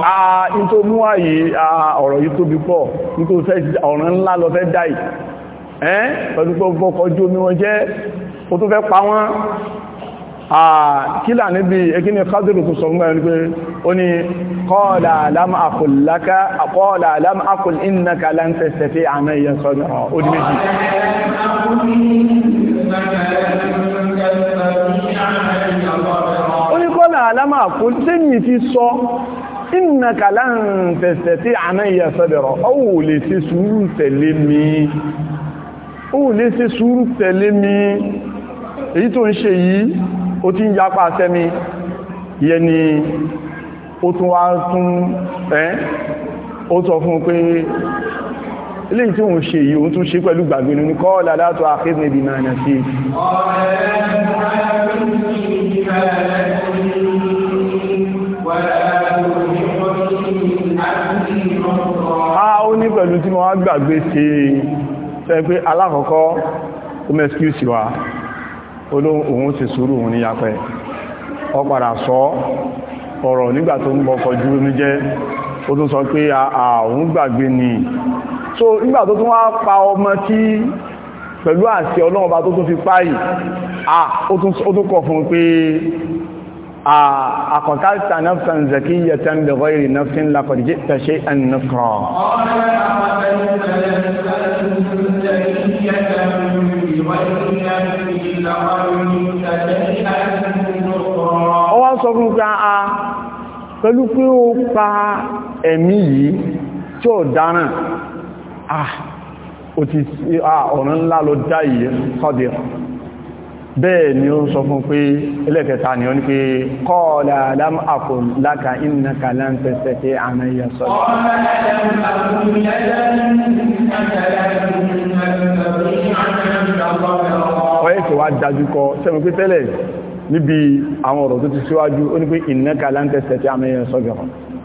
ah into mú àyè ọ̀rọ̀ yìí tóbi pọ̀ nito fẹ́ ọ̀ràn ńlá ló fẹ́ dai eh pẹ̀lú gbogbo kojú mi wọ́n jẹ́ kílà níbi ẹkíní kádùrù tó sọ fún ẹni pé ó ní kọ́ọ̀lá alámàkùl innaka lan tastati àmì ìyẹn sọ́dọ̀ ó dí méjì ó ní kọ́ọ̀lá alámàkùl tẹ́yìn ti sọ innaka lan tastati àmì ìyẹn sọ́dọ̀ ó lè ti sùúrù tẹ̀lé mi ó lè ti sùúrù tẹ̀lé mi èyí tó ń ṣe yìí ó ti ń yapa sẹ́mi yẹ ni ó tún wá tún ẹ́ ó sọ fún pé ilé tí òun ṣe yìí òun tún ṣe pẹ̀lú gbàgbé ní kọ́ ládátọ̀ àkíbìnrin náà nà sí ó ní pẹ̀lú tí mo wá gbàgbé ṣe ṣe pé alákọ̀ọ́kọ́ ó mẹ́síkú sí wa olóhun ṣe sùúrù òun ní yapẹ́ ọ padà sọ ọ̀rọ̀ nígbà tó ń bọ́kọ̀ jú omi jẹ́ ó tún sọ pé àwọn gbàgbé ni so nígbà tó tún wá pa ọmọ tí pẹ̀lú àṣẹ ọlọ́run bá tó tún fi páyì أقتلت نفسا زكية بغير نفس لقد جئت شيئا نفرا قال أقتلت نفسا زكية بغير نفس لقد جئت شيئا نفرا ó wá sọ fún pé a pẹ̀lú pé ó pa ẹ̀mí yìí tí ó dáràn ah ọ̀ràn ńlá ló dá yìí kọ́dìrán bẹ́ẹ̀ ni ó sọ fún pé ẹlẹ́kẹta ni ó ní pé kọ́ọ̀lá alam akùn láka iná kàlá ń tẹ́sẹ̀ tí a náà yẹ sọ ọ̀yẹ́ tí wá dájú kọ sẹ́mi pé tẹ́lẹ̀ níbi àwọn ọ̀rọ̀ tó ti síwájú ó ní pé iná kàlá tí a náà yẹ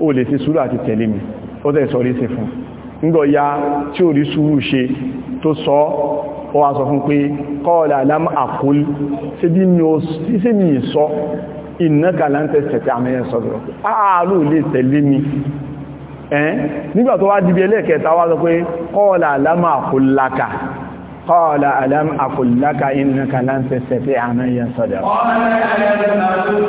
ó lè ti sùúrù àti tẹ̀lé mi ó tẹ́ sọ sí fún ńgọ̀ ya tí ò rí sùúrù ṣe tó sọ ó wá sọ fún pé kọ́ọ̀lá alam àkúl sí bí mi sọ ìnáka láńtẹ̀sẹ̀ tí a mẹ́rin sọ́dọ̀ ààrù lè tẹ̀lé mi ẹ́n nígbà tó wá dìbí ẹlẹ́ẹ̀kẹta wá sọ pé kọ́ọ̀lá alam àkúláka قال ألم أقل لك إنك لن تستطيع معي صبرا قال ألم أقل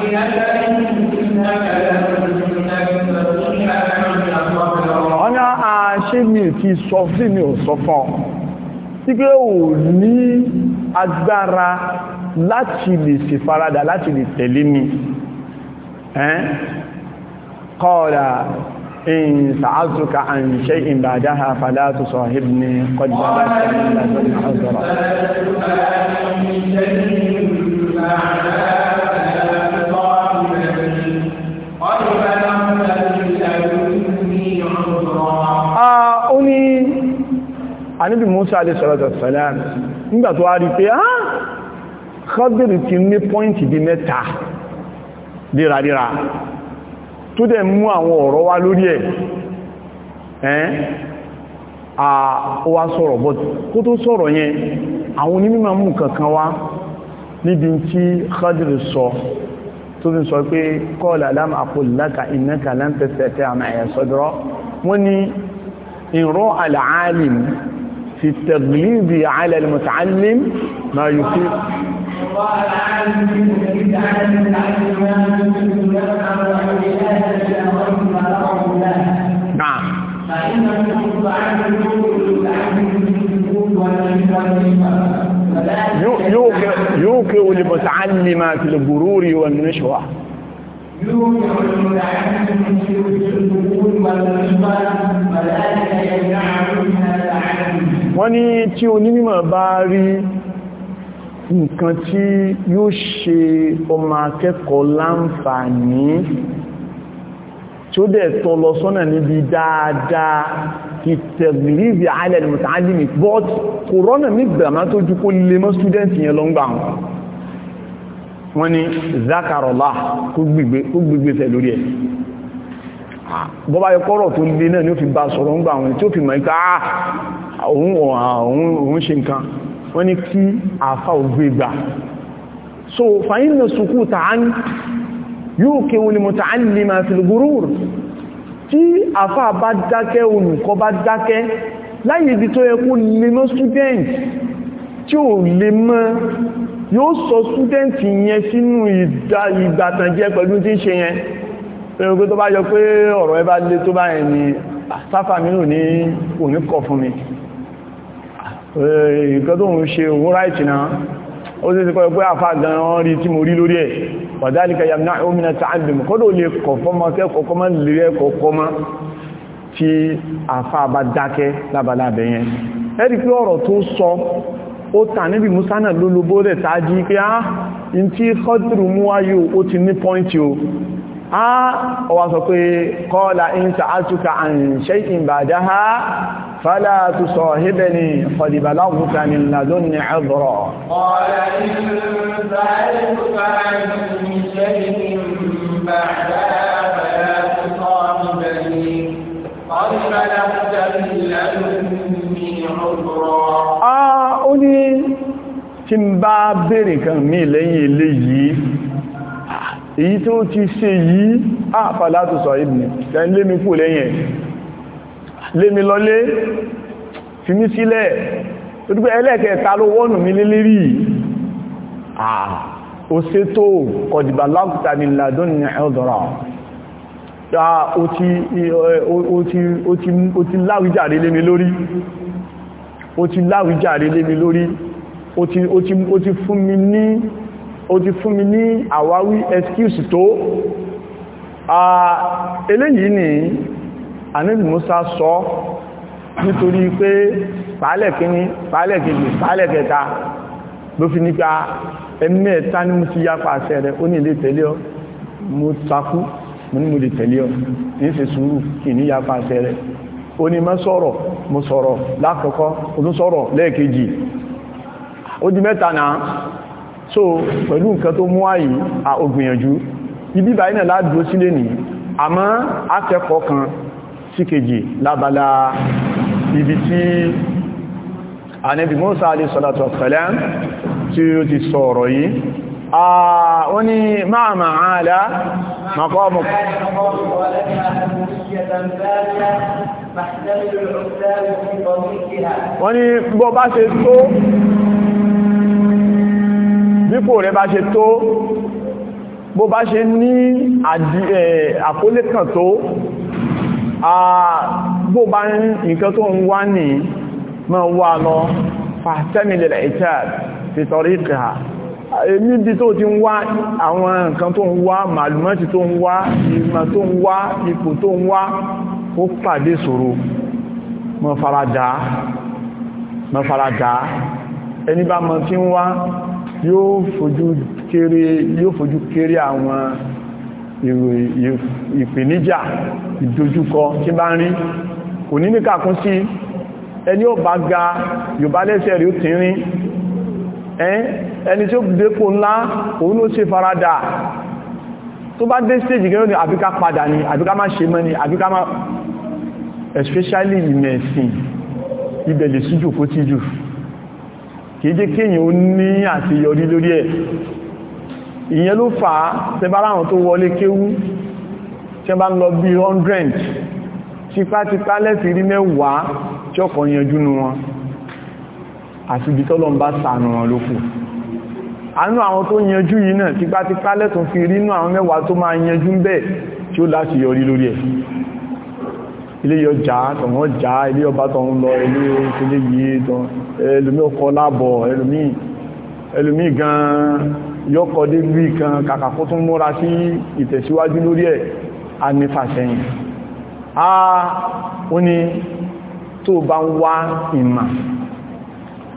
لك إنك tí pé ò ní agbára láti lè ṣe faradà láti lè tẹ̀lé mi ẹ́n kọ́ọ̀dà in sa'azuka an shay'in ba'daha fala tusahibni qad balagta min ladunni uzra Musa alayhi salatu wassalam nígbà tó wá rí pé á ah, Khadiru ti ní pọ́ìntì bí mẹ́ta díradíra tó dẹ̀ mú àwọn ọ̀rọ̀ wá lórí ẹ̀ ẹ́n a ó wá sọ̀rọ̀ bọ́ kó tó sọ̀rọ̀ yẹn àwọn onímọ̀ mú kankan wá níbi tí في التغليب على المتعلم ما يصيب نعم يوقع المتعلم في الغرور والنشوة يوقع المتعلم في الغرور والنشوة وذلك يجعل wọ́n ní tí onímọ̀ bá rí nǹkan tí yóò ṣe ọmọ akẹ́kọ̀ọ́ láǹfààní tí ó dẹ̀ tọ́ lọ sọ́nà níbi dáadáa ìtẹ̀gbìlìbì alẹ́lẹ̀ mùtàálìmì but corona nígbà máa tó jú kó lè mọ́ student yẹn lọ ń gbà wọ́n ni zakarọ̀lá kó gbígbèsẹ̀ lórí ẹ̀ ah, bọ́bá yẹ kọ́rọ̀ tó lè náà ni ó fi bá sọ̀rọ̀ ń gbà wọn tí ó fi mọ̀ ikú òun ṣe nǹkan wọ́n ní kí àfá ògbé gbà so fàyínà sùkú tàán yóò kí wọn ni mo tàán ní ma fi gúrúrù tí àfá bá dákẹ́ olùkọ́ bá dákẹ́ láyé ibi tó yẹ kó lè mọ́ student tí ò lè mọ́ yóò sọ student yẹn sínú ìgbàtànjẹ́ pẹ̀lú tí ń ṣe yẹn pẹ̀lú tó bá yọ pé ọ̀rọ̀ ẹ nǹkan tó ń ṣe òun ráìtì náà ó sì ti kọ́ pé àfá gan wọ́n rí tí mo rí lórí ẹ̀ pàdánìkà yàmì náà òmìnà tààdìm kọ́dọ̀ lè kọ̀fọ́mọ́ kẹ́kọ̀ọ́kọ́mọ́ lè rẹ́ kọ̀ọ̀kọ́mọ́ tí àfá bá dákẹ́ lábalábẹ̀ yẹn ẹ́rì pé ha ọwá sọ pé kọ́ọ̀lá in sa'atuka an shay'in ba'daha fala tusahibni qad balaghtuka min ladunni 'udhra qala in sa'altuka an shay'in ba'daha fala tusahibni qad balaghtuka min ladunni 'udhra ah ó ní tí ń bá béèrè kan èyí tí ó ti ṣe yìí àfà látò sọ ìbìnì ẹni lé mi kú lẹ́yìn lé mi lọlé fi mí sílẹ̀ tó dúpẹ́ ẹlẹ́ẹ̀kẹta ló wọ́nù mi lélérí ó sé tó kọ̀dìbà lákùtà ní ìlàdún ní ẹ̀ọ́dọ̀rà ó ti láwíjàre lé mi lórí ó ti fún mi ní àwáwí excuse tó eléyìí ni Musa Mùsá sọ nítorí pé pàálẹ̀ kíní pàálẹ̀ kejì pàálẹ̀ kẹta ló fi nípa ní yapa àṣẹ rẹ̀ ó ní ilé tẹ̀lé ọ mo takú mo ní mo lè tẹ̀lé ọ ní ṣe sùúrù kì ní yapa àṣẹ rẹ̀ ó ní mọ́ sọ̀rọ̀ mo sọ̀rọ̀ lákọ̀ọ́kọ́ di so pẹ̀lú nǹkan tó mú àyí a ògbìyànjú ibi báyìí náà ládùú sílé ní àmọ́ akẹ́kọ̀ọ́ kan sí kejì lábala ibi tí Ànábì Mùsá alayhi salatu wassalam tí ó ti sọ̀rọ̀ yìí wọ́n ni máa máa ààlá maqamu wọ́n ni bọ́ bá ṣe tó bípò rẹ bá ṣe tó bó bá ṣe ní àkólé kan tó bó bá ń nǹkan tó ń wá ní mọ́ wà lọ fàtẹ́mìlẹ̀ ìtẹ́ fìtọ̀rí ìkà níbi tó ti ń wá àwọn nǹkan tó ń wá màlúmọ́tí tó ń wá ìmọ̀ tó ń wá ipò tó ń wá ó pàdé ṣòro mọ́ faradà ẹni bá mọ́ tí ń wá yóò fojú kéré yóò fojú kéré àwọn ìpèníjà ìdojúkọ tí bá ń rí kò ní níkàkún sí ẹni ó bá ga yóò lẹ́sẹ̀ rí ó ti rí ẹni tí ó dépò ńlá òun ló ṣe faradà tó bá dé stage gẹ́rẹ́ ni àbíká padà ní àbíká má ṣe mọ́ ní àbíká má especially ìmẹ̀sìn ibẹ̀lẹ̀ síjù kó tíjù kìí jẹ́ kéèyàn ó ní àṣeyọrí lórí ẹ̀ ìyẹn ló fà á tẹbára àwọn tó wọlé kéwú tí wọ́n bá ń lọ bí 100 tipátipá lẹ́fì rí mẹ́wàá tí ọkọ̀ yanjú nu wọn àti ibi tọ́lọ ń bá sàánù wọn ló kù àánú àwọn tó yanjú yìí náà tipátipá lẹ́tùn fi rí inú àwọn mẹ́wàá tó máa yanjú bẹ́ẹ̀ tí ó láṣeyọrí lórí ẹ̀ ilé yọ já tọ̀wọ́n já ilé ọba tọ̀hún lọ ilé ìṣẹ́lẹ̀ yìí tán ẹlòmí ọkọ̀ lábọ̀ ẹlòmí gan yọkọ̀ débí kan kàkà kó tún múra sí ìtẹ̀síwájú lórí ẹ̀ a nífà sẹ́yìn a ó ní tó bá ń wá ìmà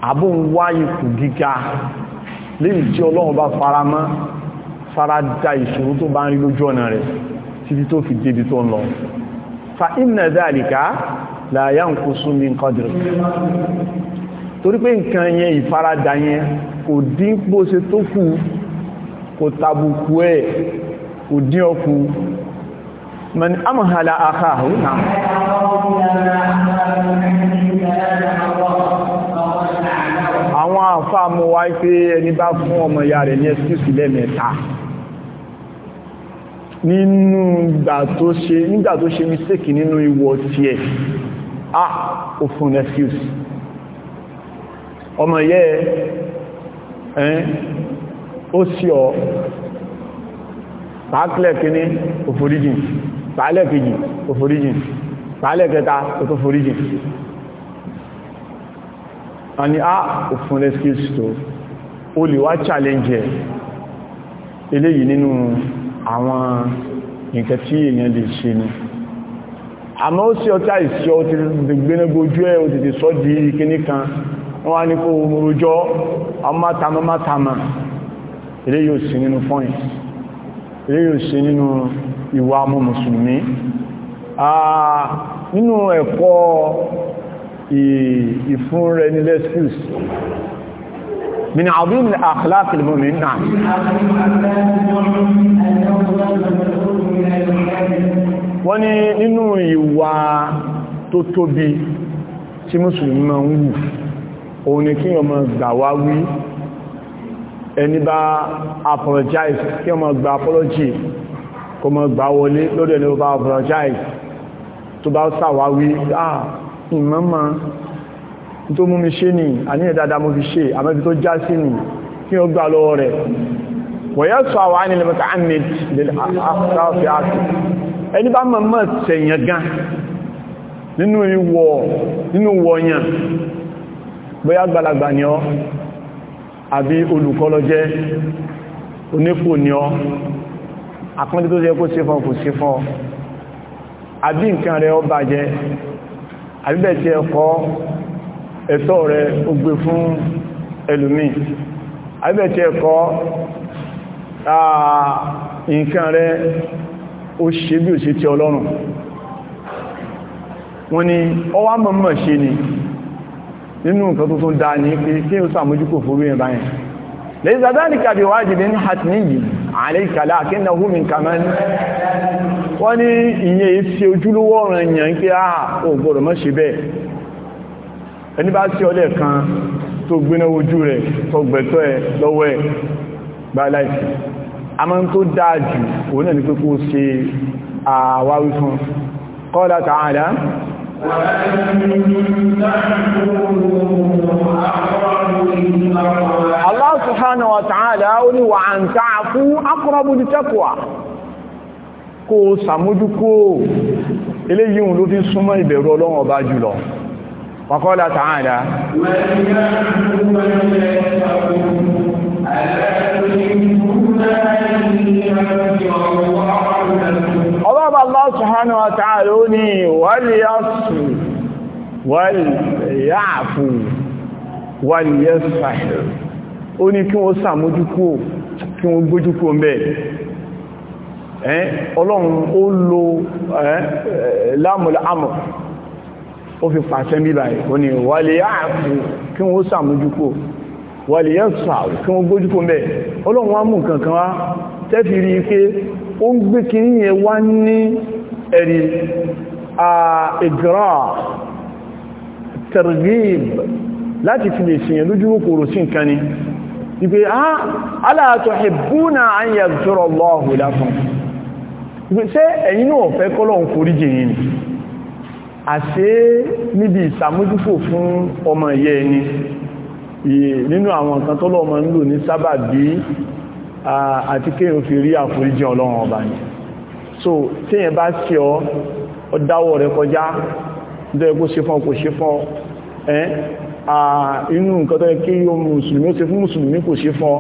àbó ń wá ipò gíga léyìí tí ọlọ́run bá fara mọ́ fara da ìṣòro tó bá ń rí lójú ọ̀nà rẹ̀ títí tó fi débi tó ń lọ fa inna dhalika la yanqusu min qadri torí pé nǹkan yẹn ìfaradà yẹn kò dín bó ṣe tó kù kò tàbùkù ẹ̀ kò dín ọkù man amhala akhahu náà àwọn àfáà mọ́ wáyé pé ẹni bá fún ọmọ ìyá rẹ̀ ní ẹ̀sùn sílẹ̀ nínú ìgbà tó ṣe nígbà tó ṣe mistake nínú ìwọ̀ tí ẹ̀ ah ó fún excuse ọmọ yẹ́ ẹ́ ó sí ọ pàákìlẹ̀ kíní òforíjìn pàálẹ̀ òforíjìn òforíjìn a ni a òfin excuse tó o wá challenge ẹ̀ eléyìí àwọn nǹkan tí èèyàn lè ṣe ni àmọ́ ó sí ọtá ìsí ọ ti gbénégbójú ẹ̀ ó ti ti sọ́ di kíní kan wọ́n wá ní kó omorojọ́ ọmátàmọ́mátàmọ́ ilé yóò sí nínú fọ́ìn ilé yóò sí nínú ìwà ọmọ mùsùlùmí nínú ẹ̀kọ́ ìfún rẹ̀ ní lẹ́skìs من عظيم الأخلاق المؤمن نعم wọ́n ní nínú ìwà tó tóbi tí mùsùlùmí máa ń wù òun ni kí ọmọ gbà wá wí ẹni bá apologize kí ọmọ gbà apology kó mọ gbà wọlé lórí ẹni bá apologize tó bá sàwáwí ah ìmọ́mọ́ tó mú mi ṣe ní àníyàn dáadáa mo fi ṣe àmẹ́bí tó já sí ní kí o gbà lọ́wọ́ rẹ̀ wọ̀yẹ́ sọ àwọn ànílẹ̀ mẹ́ta ahmed ẹni bá mọ̀ mọ̀ sẹ̀yàn gan nínú ìwọ̀ nínú wọ̀nyàn bóyá gbalagbà ni ọ́ àbí olùkọ́lọ́jẹ́ onípò ni ọ́ àpọ́ndé tó ṣe kó ṣe fún kò ẹ̀tọ́ rẹ̀ ó gbé fún ẹlòmí àbẹ̀tẹ̀ ẹ̀kọ́ nǹkan rẹ̀ ó ṣe bí ó ṣe ti ọlọ́run wọ́n ni ọwá mọ̀mọ̀ ṣe ni nínú nǹkan tó tún dáa ní pé kí o sàmójúkò fórú ẹ̀ báyìí lẹ́yìn zadáríkà bí wájì ní hàtìníyì àríkàlá àkínà húmin kàmán wọ́n ni ìyẹn èsì ojúlówó ọ̀rọ̀ èèyàn pé àà ò gbọ́dọ̀ mọ́ ṣe bẹ́ẹ̀ ẹni bá sí ọlẹ́ kan tó gbéná ojú rẹ̀ tó gbẹ̀tọ́ ẹ lọ́wọ́ ẹ bá láìsí a máa ń tó dáa jù òun náà ni pé kó ṣe àwáwí fún qala ta'ala Allah subhanahu wa ló fi súnmọ́ ìbẹ̀rù Ọlọ́run ọba jùlọ وقال تعالى الله الله سبحانه وتعالى وليصفوا وليعفوا وليصفحوا ó ní kí wọ́n sàmójúkú kí wọ́n gbójúkú mẹ́ ẹ́ ọlọ́run ó lo láàmùlá àmọ̀ ó fi pàṣẹ bíbà ẹ̀ ó ní wàlẹ̀ ààfù kí wọ́n sàmójúkò wàlẹ̀ yẹ́sà kí wọ́n gbójúkò mẹ́ ọlọ́run wá mú nǹkan kan wá tẹ́fì rí pé ó ń gbé kí ní ẹ wá ní ẹ̀rí ìgbìrà targhib láti fi lè ṣìyàn lójú kòrò sí náà fẹ́ kọ́lọ̀ ń forí jìn yìí àṣé níbi ìsàmójúfò fún ọmọ ìyẹ́ ẹni nínú àwọn nǹkan tó lọ́mọ ń lò ní sábàbí àti kéèyàn fi rí àforíjì ọlọ́run ọba ni so téèyàn bá sí ọ ọdáwọ̀ rẹ kọjá dẹ́ kó ṣe fún kò ṣe fún ẹ́ inú nǹkan tó yẹ kí yóò mùsùlùmí ó ṣe fún mùsùlùmí kò ṣe fún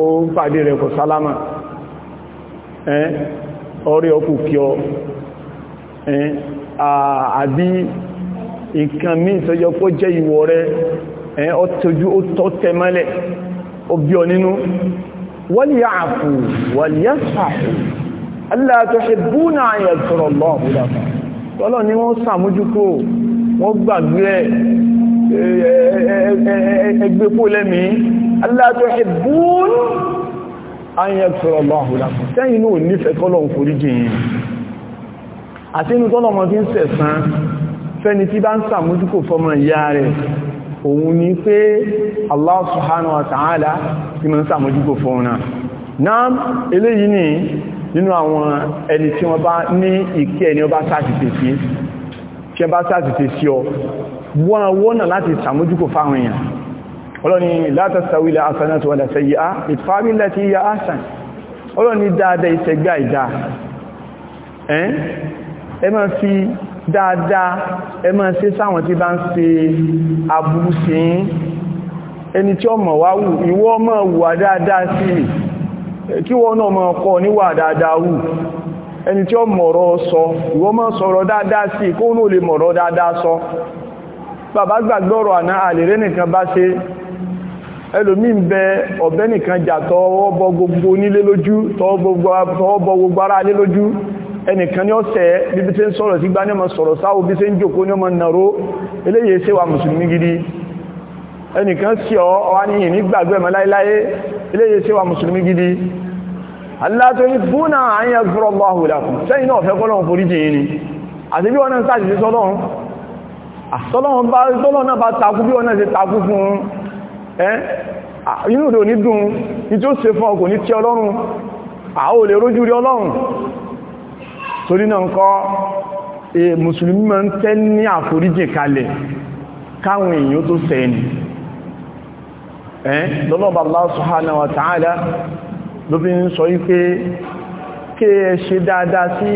ó pàdé rẹ kò sálámà ẹ́ ọ̀rẹ́ ọkù kí ọ àbí nǹkan míì tó yọ pọ́ jẹ́ ìwọ̀ rẹ ọ tọ́jú ó tọ́ tẹ mọ́lẹ̀ ó bí ọ nínú wal ya'fu wal yasfahu alla tuhibbuna an yadhkura Allahu àtínú tọ́lọmọ tí ń sẹ̀sán fẹ́ni tí bá ń sàmójúkò fọmọ ìyá rẹ̀ òun ni pé Allah subhanahu wa ta'ala tí mọ́ ń sàmójúkò fún náà náà eléyìí ni nínú àwọn ẹni tí wọ́n bá ní ìkẹ́ ẹni ọba sáàtìtì sí tí ẹ bá sáàtìtì sí ọ wọ́n wọ́nà láti sàmójúkò fáwọn èèyàn ọlọ́ni látàtàwílẹ̀ asanatu wà lásẹ̀yí á ìfàmílẹ̀ tí yá áṣàn ọlọ́ni dáadáa ìṣẹ́gbẹ́ àìdáa ẹ máa fi dáadáa ẹ máa ṣe sáwọn tí bá ń ṣe aburú sí ẹni tí ọmọ wá wù ìwọ máa wùwà dáadáa sí kí wọ́n náà máa kọ́ níwà dáadáa wù ẹni tí ó mọ̀rọ̀ sọ ìwọ máa sọ̀rọ̀ dáadáa sí kó ní lè dáadáa sọ bàbá gbàgbọ́rọ̀ ẹnìkan ni ó sẹ́ bíbí tí ń sọ̀rọ̀ sí gbá ní ọmọ sọ̀rọ̀ sáwò bí tí ń jòkó ní ọmọ nàró eléyìí ṣe wà mùsùlùmí gidi ẹnìkan sí ọ ọwá ní ìní gbàgbé ẹ̀mọ́ láíláyé eléyìí ṣe wà mùsùlùmí gidi aláàtọ́yí fúnà Allahu lakum sẹ́yìn náà fẹ́ kọ́lọ̀ forí jìn ní àti bí wọ́n sáà jìí sọ́lọ́run àtọ́lọ́run náà bá takú bí wọ́n náà ṣe takú fún ẹ́ inú ìdò ní dùn ní rójú rí ọlọ́run torí náà kọ́ e, mùsùlùmí máa ń tẹ́ ní àforíjì kalẹ̀ káwọn èèyàn tó sẹ́ni ẹ́n lọ́lọ́bà Allah ló fi ń sọ wípé kí ẹ ṣe dáadáa sí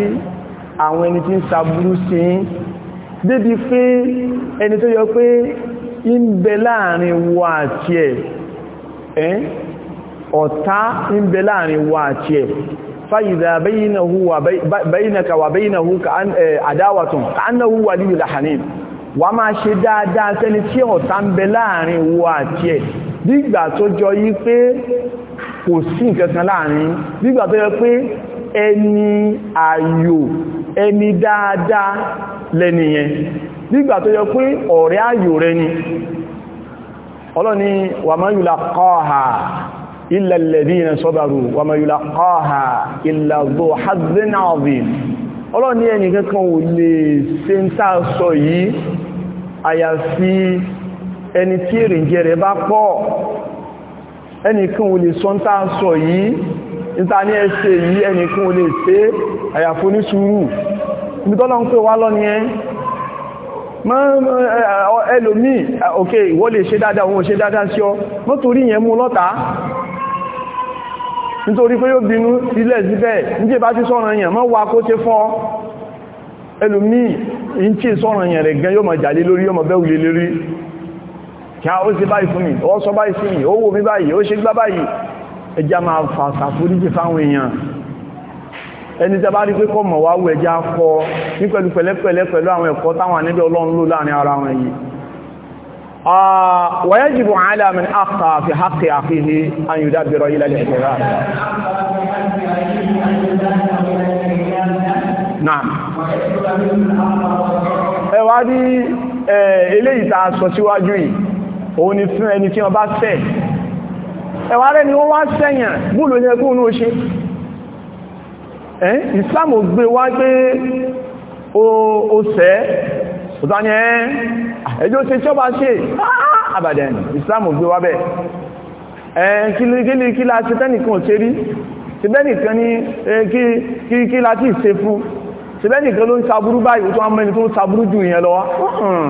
àwọn ẹni tí ń sàbúrú sí débi pé ẹni tó yọ pé ń bẹ láàrin àti ẹ̀ ọ̀tá ń bẹ láàrin فإذا بينه وبي بينك وبينه كأن عداوة كأنه ولي حميم وما شداد سني tí ọ̀tá ń bẹ láàrin wo àti ẹ̀ bígbà tó jọ yí pé kò sí nǹkankan láàrin bígbà tó jọ pé ẹni ayọ̀ ẹni dáadáa lẹ́nìyẹn bígbà tó jọ pé ọ̀rẹ́ ayọ̀ rẹ ni Ọlọ́run ni wàmáyùlá kọ́ ha إلا الذين صبروا وما يلقاها إلا ذو حظ عظيم ọlọ́run ní ẹnìkan kan ò lè ṣe ń tàà sọ yìí àyàfi ẹni tí ìrìnjẹ rẹ̀ bá pọ̀ ẹnìkan ò lè sọ ń tàà sọ yìí níta ní ẹsẹ̀ yìí ẹnìkan ò lè ṣe àyàfi onísùúrù ibi tọ́lọ ń pè wá lọ́ni ẹ́ ẹlòmí òkè ìwọ lè ṣe dáadáa òun ò ṣe dáadáa sí ọ mọ́tòrí yẹn mú lọ́ta nítorí pé yóò bínú sílẹ̀ síbẹ̀ níjẹ́ bá ti sọ́rọ̀ èèyàn mọ́ wa kó ṣe fọ́ ẹlòmíì ń tí sọ́rọ̀ èèyàn rẹ̀ gan yóò mọ̀ jàlé lórí yóò mọ̀ bẹ́wùlé lórí kí a ó ṣe báyìí fún mi ó sọ báyìí sí mi ó wò mí báyìí ó ṣe gbá báyìí ẹjá máa fà sàfúríjì fáwọn èèyàn ẹni tẹ́ ويجب على من أخطأ في حق أخيه أن يدبر إلى الاعتذار نعم ẹwàdí eléyìí tá sọ síwájú yìí òun ni fún ẹni tí wọ́n bá fẹ́ ẹwà ni wọ́n wá sẹ́yìn búlò ní ẹkùn ní oṣe ẹ́ ìsáàmù gbé wá pé o sẹ́ òtání ẹ́ ẹjọ́ ṣe ṣọ́bà ṣe àbàdàn ah, ìsìláàmù gbé wábẹ̀ ẹ̀ eh, kí la ṣe tẹ́nìkan ṣe rí ṣe bẹ́nìkan ní eh, kí la ti ṣe fún ṣe bẹ́nìkan ló ń saburú báyìí tó wọ́n mẹ́ni tó ń saburú jù ìyẹn lọ hmm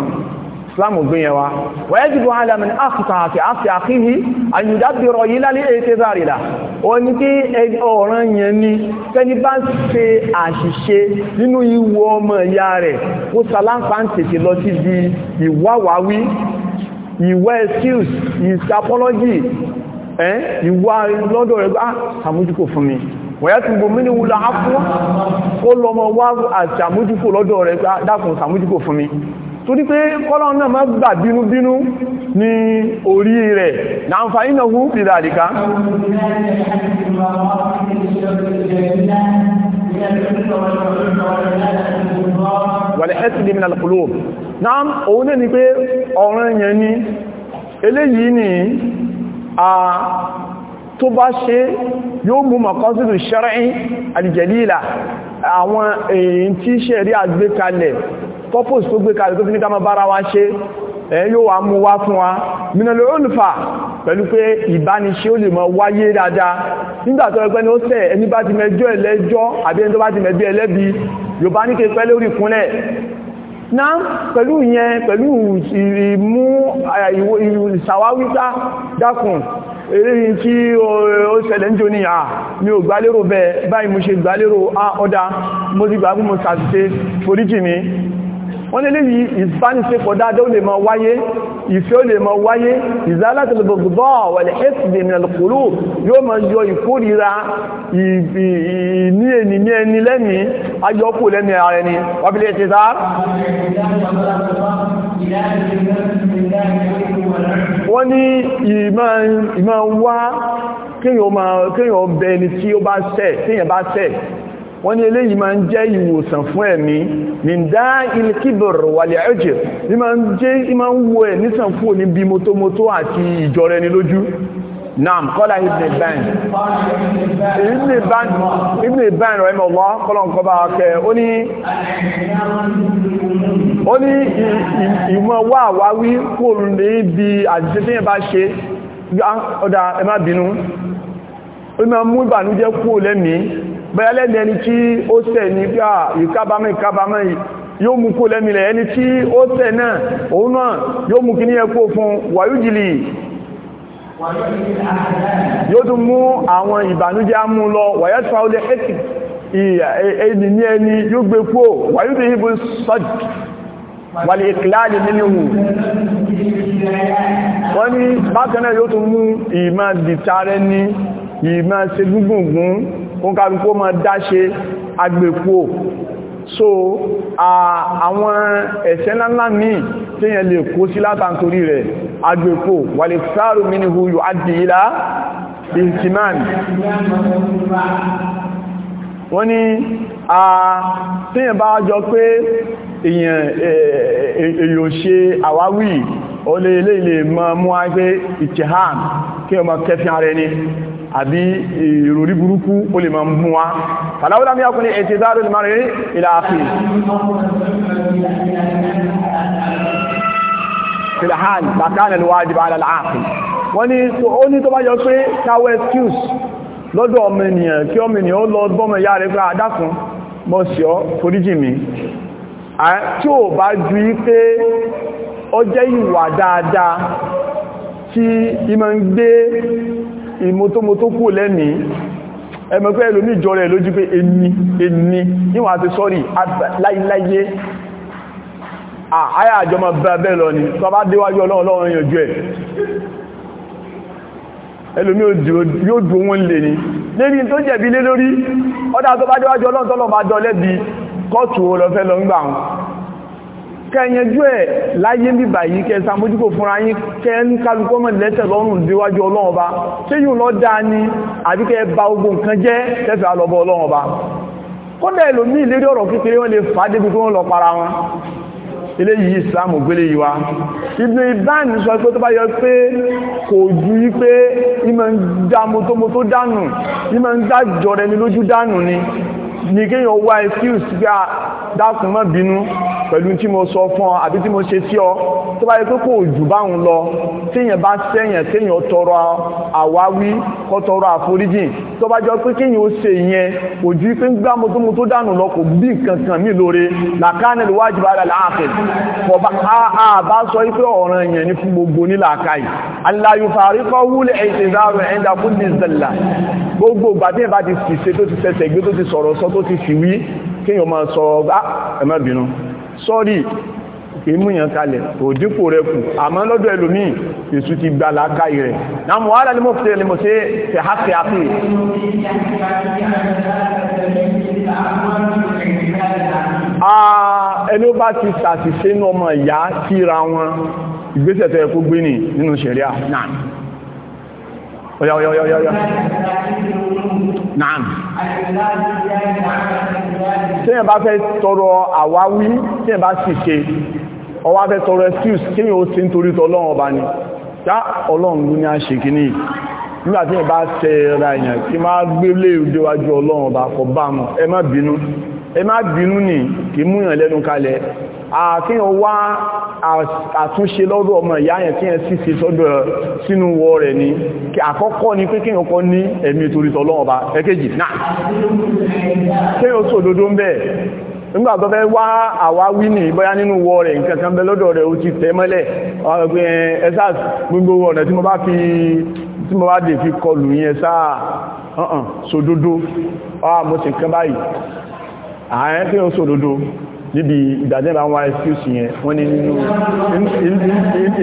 islamu gbìyàn wa wọ́n yẹ́ ala min akùta àti àti àkíhì àyùdábìrọ̀ yìí lálé ètè zárìlá o ní kí ọ̀ràn yẹn ni kẹni bá ń ṣe àṣìṣe nínú ìwọ ọmọ ìyá rẹ̀ ó sàlánfà ń tètè lọ sí di ìwáwáwí ìwá excuse ìsapọ́lọ́jì ìwá lọ́dọ̀ rẹ̀ bá ah, sàmójúkò fún mi wọ̀yá tí gbogbo mínú wùlọ ápùn ó lọ mọ́ wá àti lọ́dọ̀ rẹ̀ ah, dákùn sàmójúkò fún mi torí pé kọ́lọ̀ náà má gbà bínúbínú ní orí rẹ̀ na ń fa iná hù pìdà àdìká wàlẹ̀ ẹ́sìdì mìnà lọ́pùlò náà òun náà ni pé ọ̀ràn yẹn ni eléyìí ni a tó bá ṣe yóò mú mọ̀kọ́sílù ṣẹ́rẹ́ àdìjẹ̀lì ìlà àwọn èyí tí ṣẹ̀rí àgbékalẹ̀ purpose tó gbé kalẹ̀ tó fi ní ká máa bára wa ṣe ẹ̀ yóò wá mú wá fún wa mìnàlẹ̀ olùfà pẹ̀lú pé ìbániṣẹ́ ó lè mọ wáyé dáadáa nígbàtọ̀ ẹgbẹ́ ni ó sẹ̀ ẹni bá ti mẹjọ́ ẹlẹ́jọ́ àbí ẹni tó bá ti mẹjọ́ ẹlẹ́bi Yorùbá ní kẹfẹ́ lórí ìkúnlẹ̀ náà pẹ̀lú ìyẹn pẹ̀lú ìmú ìsàwáwísá dákùn èrí tí ó ṣẹlẹ̀ ń jò ní àà mi ò gbálérò bẹ́ẹ̀ báyìí mo ṣe gbálérò á mo ti gbà fún mo sàtìsẹ́ foríjì mi wọ́n lè léyìí ìbánisẹ́pọ̀ dáadáa ó lè máa wáyé ìfẹ́ ó lè máa wáyé ìzálátàlùbọ̀gbọ̀ wẹ̀lẹ̀ ẹ́sìdè mìírànlùkúrú yóò máa yọ ìkórira ìní ẹni ní ẹni lẹ́ni ayọ́kù lẹ́ni ara ẹni wábílẹ̀ ti sá wọ́n ní ìmọ̀ wá kéèyàn bẹ ẹni tí ó bá ṣẹ̀ wọ́n ní eléyìí máa ń jẹ́ ìwòsàn fún ẹ̀mí ní dá ilé kíbọ̀rọ̀ wà lẹ́ ẹ̀jẹ̀ ní máa ń jẹ́ ìmá ń wo ẹ̀ nísàn fún òní bí motomoto àti ìjọra ẹni lójú naam kọ́lá ibn Ibn ibn Ibn ibn Ibn rẹ̀ mọ̀ wọ́n kọ́lá ń bẹ̀rẹ̀ lẹ́ni ẹni tí ó ṣẹ̀ ní bí à ìkábámẹ́ ìkábámẹ́ yóò mú kó lẹ́mìlẹ̀ ẹni tí ó ṣẹ̀ náà òun náà yóò mú kí ní ẹkó fún wàyújìlì yóò tún mú àwọn ìbànújẹ́ mú lọ wàyẹ́tùfà ó lẹ́ ẹni ní ẹni yóò gbé kó wàyújì ibùn sọ́dì wàlè ìkìláàlì ìmá dìtàrẹ ní ìmá kún kálukú ma dáṣe agbèkú so àwọn ẹ̀ṣẹ̀ ńláńlá míì tí yẹn lè kó sí látàntorí rẹ̀ agbèkú wàlè sáàrù mínihù yóò adìyílá ìtìmáàmì wọ́n ní a tíyàn bá jọ pé èyàn èyàn ṣe àwáwí olè ilé ilè mọ́ mú wáyé ìtìhàn kí ọmọ kẹfì ara ẹni àbí ìròrí burúkú ó lè máa ń mú wa fàláwọ́lá ní ọkùnrin ètè dáadọ́ lè máa rí ilá àfi filhan bàkánà ni wájú bá alàlá àfi wọ́n ní tó bá yọ pé káwọ́ excuse lọ́dọ̀ ọmọ ènìyàn kí ọmọ ènìyàn ó lọ bọ́mọ ìyá rẹ̀ pé adákun mọ́síọ́ foríjì mi tí ò ìmótómótó kú lẹ́ni ẹmọ̀pẹ́ ẹlòmí ìjọ rẹ̀ lójú pé ẹni ẹni níwọ̀n àti sọ́rì láìláyé àáyà àjọmọ̀ bẹ́ẹ̀ lọ ni tó bá déwájú ọlọ́run yànjú ẹ̀ ẹlòmí yóò dùn wọn lè ní lérí tó jẹ̀bi lé lórí ọdá tó bá déwájú ọlọ́run tọ́lọ́ kẹyẹnjú ẹ̀ láyé ní báyìí kẹ sàmójúkò fúnra yín kẹ ń kálukọ́ mọ̀ lẹ́tẹ̀ lọ́rùn díwájú ọlọ́run ọba tí yìí lọ dáa ní àbíkẹ́ bá ogun nǹkan jẹ́ tẹ́fẹ́ alọ́bọ̀ ọlọ́run ọba kódà ẹlòmí ìlérí ọ̀rọ̀ kékeré wọ́n lè fà á débi kí wọ́n lọ para wọn eléyìí islam gbélé yìí wá Ibn Hibban sọ yọ ni ní kéèyàn wá excuse gbá dákun má bínú pẹ̀lú tí mo sọ fún ọ àbí tí mo ṣe sí ọ tó bá yẹ pé kò jù báwọn lọ téèyàn bá sẹ́yìn téèyàn tọrọ àwáwí kó tọrọ àforíjì tó bá jọ pé kéèyàn ó ṣe ìyẹn kò ju pé gbá mo tó mo tó dànù lọ kò bí nǹkan kan mí lóore làkánì lè wájú bá dàlẹ́ àfẹ́ a àbá sọ pé ọ̀ràn èèyàn ní fún gbogbo nílàákàyè aláyùfàárí kọ́ wúlẹ̀ ẹ̀ṣẹ̀dáàrùn ẹ̀ndà fún dìzẹ̀là gbogbo ìgbà tí ìbá ti fìṣe tó ti fẹsẹ̀ gbé tó ti sọ̀rọ̀ sọ tó ti fìwí kéèyàn máa sọ ah, ẹ má bínú sọ́rí ìmúyàn kalẹ̀ òdípò rẹ̀ kù àmọ́ lọ́dọ̀ ẹlòmíì èsù ti gba làákàyè rẹ̀ náà mọ̀ wádà ní mọ̀ fẹ́ lẹ́mọ̀ sí ṣẹ̀háṣẹ́ àti ẹni ó bá ti sàtìṣẹ́ ní ọmọ ìyá kíra wọn ìgbésẹ̀ tẹ́ kó gbé nì nínú ṣẹ̀ríà náà oya oya oya oya naam tíyẹn bá fẹ́ tọrọ àwáwí tíyẹn bá sì ṣe ọwá fẹ́ tọrọ excuse kíyàn ó sí nítorí tọ́lọ́run ọba ni já ọlọ́run ló ní a ṣe kì ní nígbàtí ẹ̀ bá tẹ ẹ̀rà èèyàn kí máa gbé lè déwájú ọlọ́run ọba kọ bá mú ẹ má bínú ní kí múyàn lẹ́nu kalẹ̀ àfihàn wá àtúnṣe lọ́dọ̀ ọmọ ìyá yẹn tí yẹn síse sọ́dọ̀ sínú wọ rẹ̀ ni àkọ́kọ́ ni pé kíyàn kọ́ ní ẹ̀mí torítọ̀ lọ́wọ́ bá ẹkẹ́jì náà kíyàn sódodo ń bẹ́ẹ̀ nígbà tó fẹ́ wá àwáwí ní ìbọ́yá nínú wọ rẹ̀ nǹkankan bẹ lọ́dọ̀ rẹ̀ ó ti tẹ́ mọ́lẹ̀ ẹ̀sàs gbogbo ọ̀nà tí mo bá fi tí mo bá dè fi kọlù yẹn sáà ọ̀hàn sódodo ọ́ àmọ́sìn kan báyìí ààrẹ tí ó níbi ìdàdẹ́bà wọn excuse yẹn wọ́n ní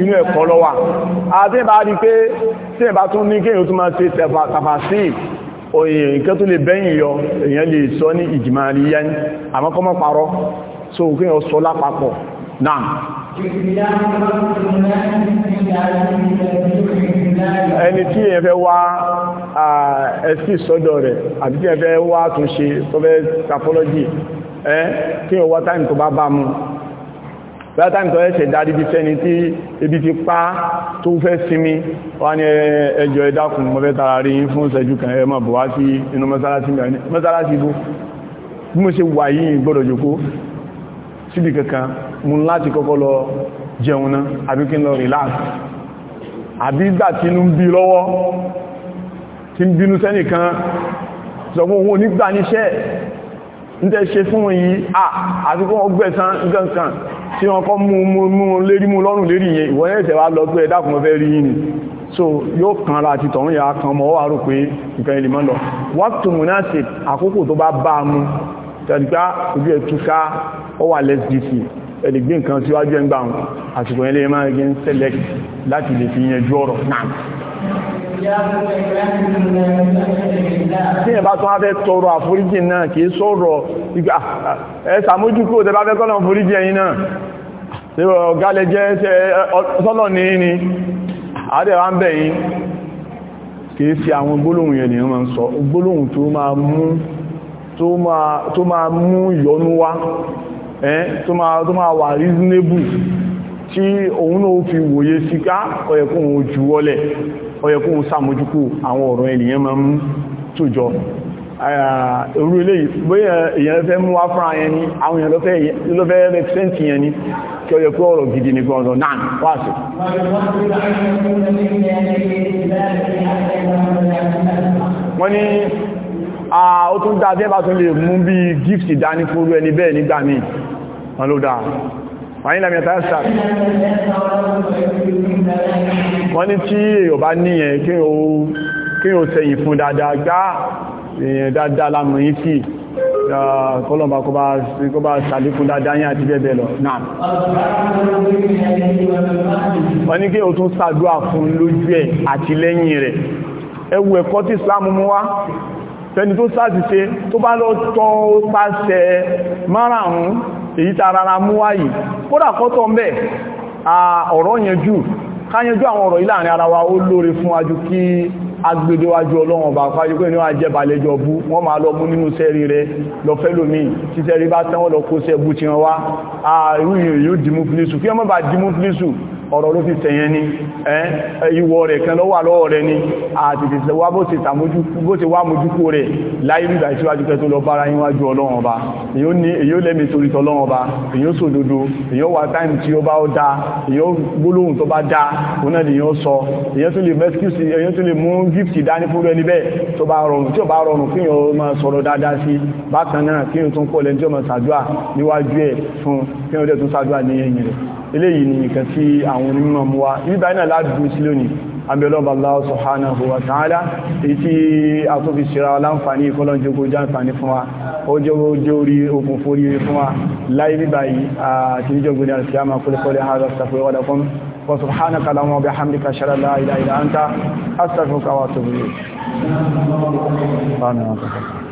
inú ẹ̀kọ́ lọ́wà àdẹ́bà rí pé tí ẹ̀bà tún ní kí èyàn tún máa ṣe tàfàṣí òyìn nǹkan tó lè bẹ́yìn yọ èyàn lè sọ ní ìjìmà àríyàn àmọ́kọ́mọ́ parọ́ so kí èyàn sọ lápapọ̀ náà ẹni tí èyàn fẹ́ wá ẹ̀sì sọ́dọ̀ rẹ̀ àti tí èyàn fẹ́ wá túnṣe tó fẹ́ apology ẹ́ kí ọwọ́ táìmù tó bá bá mú bá táìmù tó ẹ́ṣẹ̀ dárí bí fẹ́ni tí ebi ti pa tó fẹ́ sinmi wá ní ẹjọ́ ẹ dákun mo fẹ́ tara rí fún ìṣẹ́jú kan ẹ bọ̀ wá sí inú mọ́sálásí ibú bí relax àbí ìgbà tí inú ń bí lọ́wọ́ òun onígbà níṣẹ́ ń tẹ́ ṣe fún yìí àtúkọ́ ọgbẹ̀sán gankan tí wọ́n kọ́ mú mú lérí mú lọ́rùn lérí yẹn ìwọ̀n ẹ̀ṣẹ̀ wá lọ pé ẹ̀dàkùn fẹ́ rí yìí so yóò kan ra àti tọ̀run ya kan mọ́ wà rò pé ìkan ilé mọ́lọ wákùtù múnásì àkókò tó bá bá mú tẹ̀lìgbá ah, ojú ẹ̀túká ó wà lsdc ẹ̀lìgbé nǹkan síwájú ẹgbàun àsìkò ilé máa gẹ́ ń select láti lè fi yẹn jú ọ̀rọ̀ náà tí ìyẹn bá tún wá fẹ́ tọrọ àforíjì náà kìí sọ̀rọ̀ ìgbà ah, ah, ẹ sàmójúkò tẹ bá fẹ́ kọ́nà àforíjì ẹ̀yin náà tí ọ̀gá lẹ jẹ́ sọ́lọ̀ ní ní àádẹ́wà ń bẹ̀ yìí kìí fi àwọn gbólóhùn yẹn nìyàn máa ń sọ gbólóhùn tó máa mú tó máa mú yọnú wá tó máa wà reasonable tí òun náà fi wòye síká ọ̀yẹ̀kùn ah, òjúwọlẹ̀ ọyẹ kó ń sàmójúkú àwọn ọ̀rọ̀ ènìyàn máa ń tòjọ orú ilé bóyá èyàn fẹ́ mú wá fún ayẹn ni àwọn èyàn lọ́fẹ́ rẹ̀pẹ́sẹ̀ntì yẹn ni kí ọyẹ kó ọ̀rọ̀ gidi ní gbọ́nà náà wáṣẹ̀ wọ́n ní ó tún dáadé bá tún lè mú bí gift dání fún ẹni bẹ́ẹ̀ nígbà míì wọ́n ló dáa wọ́n ilẹ̀ mẹ́ta sàrì wọ́n ní tí èyàn bá níyẹn kí o sẹ́yìn fún dáadáa gbá èyàn dáadáa lámù yí kí kọlọ̀mbà kó bá sàlékún dáadáa yín àti bẹ́ẹ̀ lọ náà wọ́n ní kí o tún sàdúà fún lójú ẹ̀ àti lẹ́yìn rẹ̀ ẹwù ẹ̀kọ́ tí Islam mú wá tẹni tó sáàtì ṣe tó bá lọ tọ́ pàṣẹ márààrún èyí tààrà mú wáyìí kódà kọ́tọ̀ mẹ́ ọ̀rọ̀ yẹn jù káyẹnjú àwọn ọ̀rọ̀ ìlànà ara wa ó lóore fún wájú kí agbèdéwájú ọlọ́run ọba fájú pé ní wá jẹ́ balẹ̀jọ bú wọ́n máa lọ mú nínú sẹ́rí bá tán ọ̀rọ̀ ló fi tẹ̀yẹn ni ìwọ rẹ̀ kan lọ́wà lọ́wọ́ rẹ̀ ni àtìtì wá bó ti wá mójúkú rẹ̀ láì rí ìdáṣíwájú pẹ́ tó lọ bára níwájú ọlọ́run ọba èyí ó lẹ́mí torí tọlọ́run ọba èyí ó sòdodo èyí ó wà táìm tí ó bá ó dá èyí ó gbólóhùn tó bá dá oná lè yán sọ èyí tó lè mẹ́síkìsì èyí tó lè mú ẹ̀ fún kí yóò dẹ̀ tún ṣàdúà ní ẹ̀yìn rẹ̀ eléyìí ni nǹkan tí a àwọn onímọ̀ mú wa nígbà iná ládùú sí lónìí abẹ́lọ́bà Allah subhanahu wa ta'ala èyí a tó fi ṣíra láǹfàní ìkọlọ́njogó jáǹfàní fún wa ọjọ́gbó jórí okùn fórí fún wa láì bíbà yìí àti níjọ́gbó ní alfiyama kúlẹ̀kọ́lẹ̀ hàzà sàfẹ́ wọ́dàkún وسبحانك اللهم وبحمدك اشهد ان لا اله الا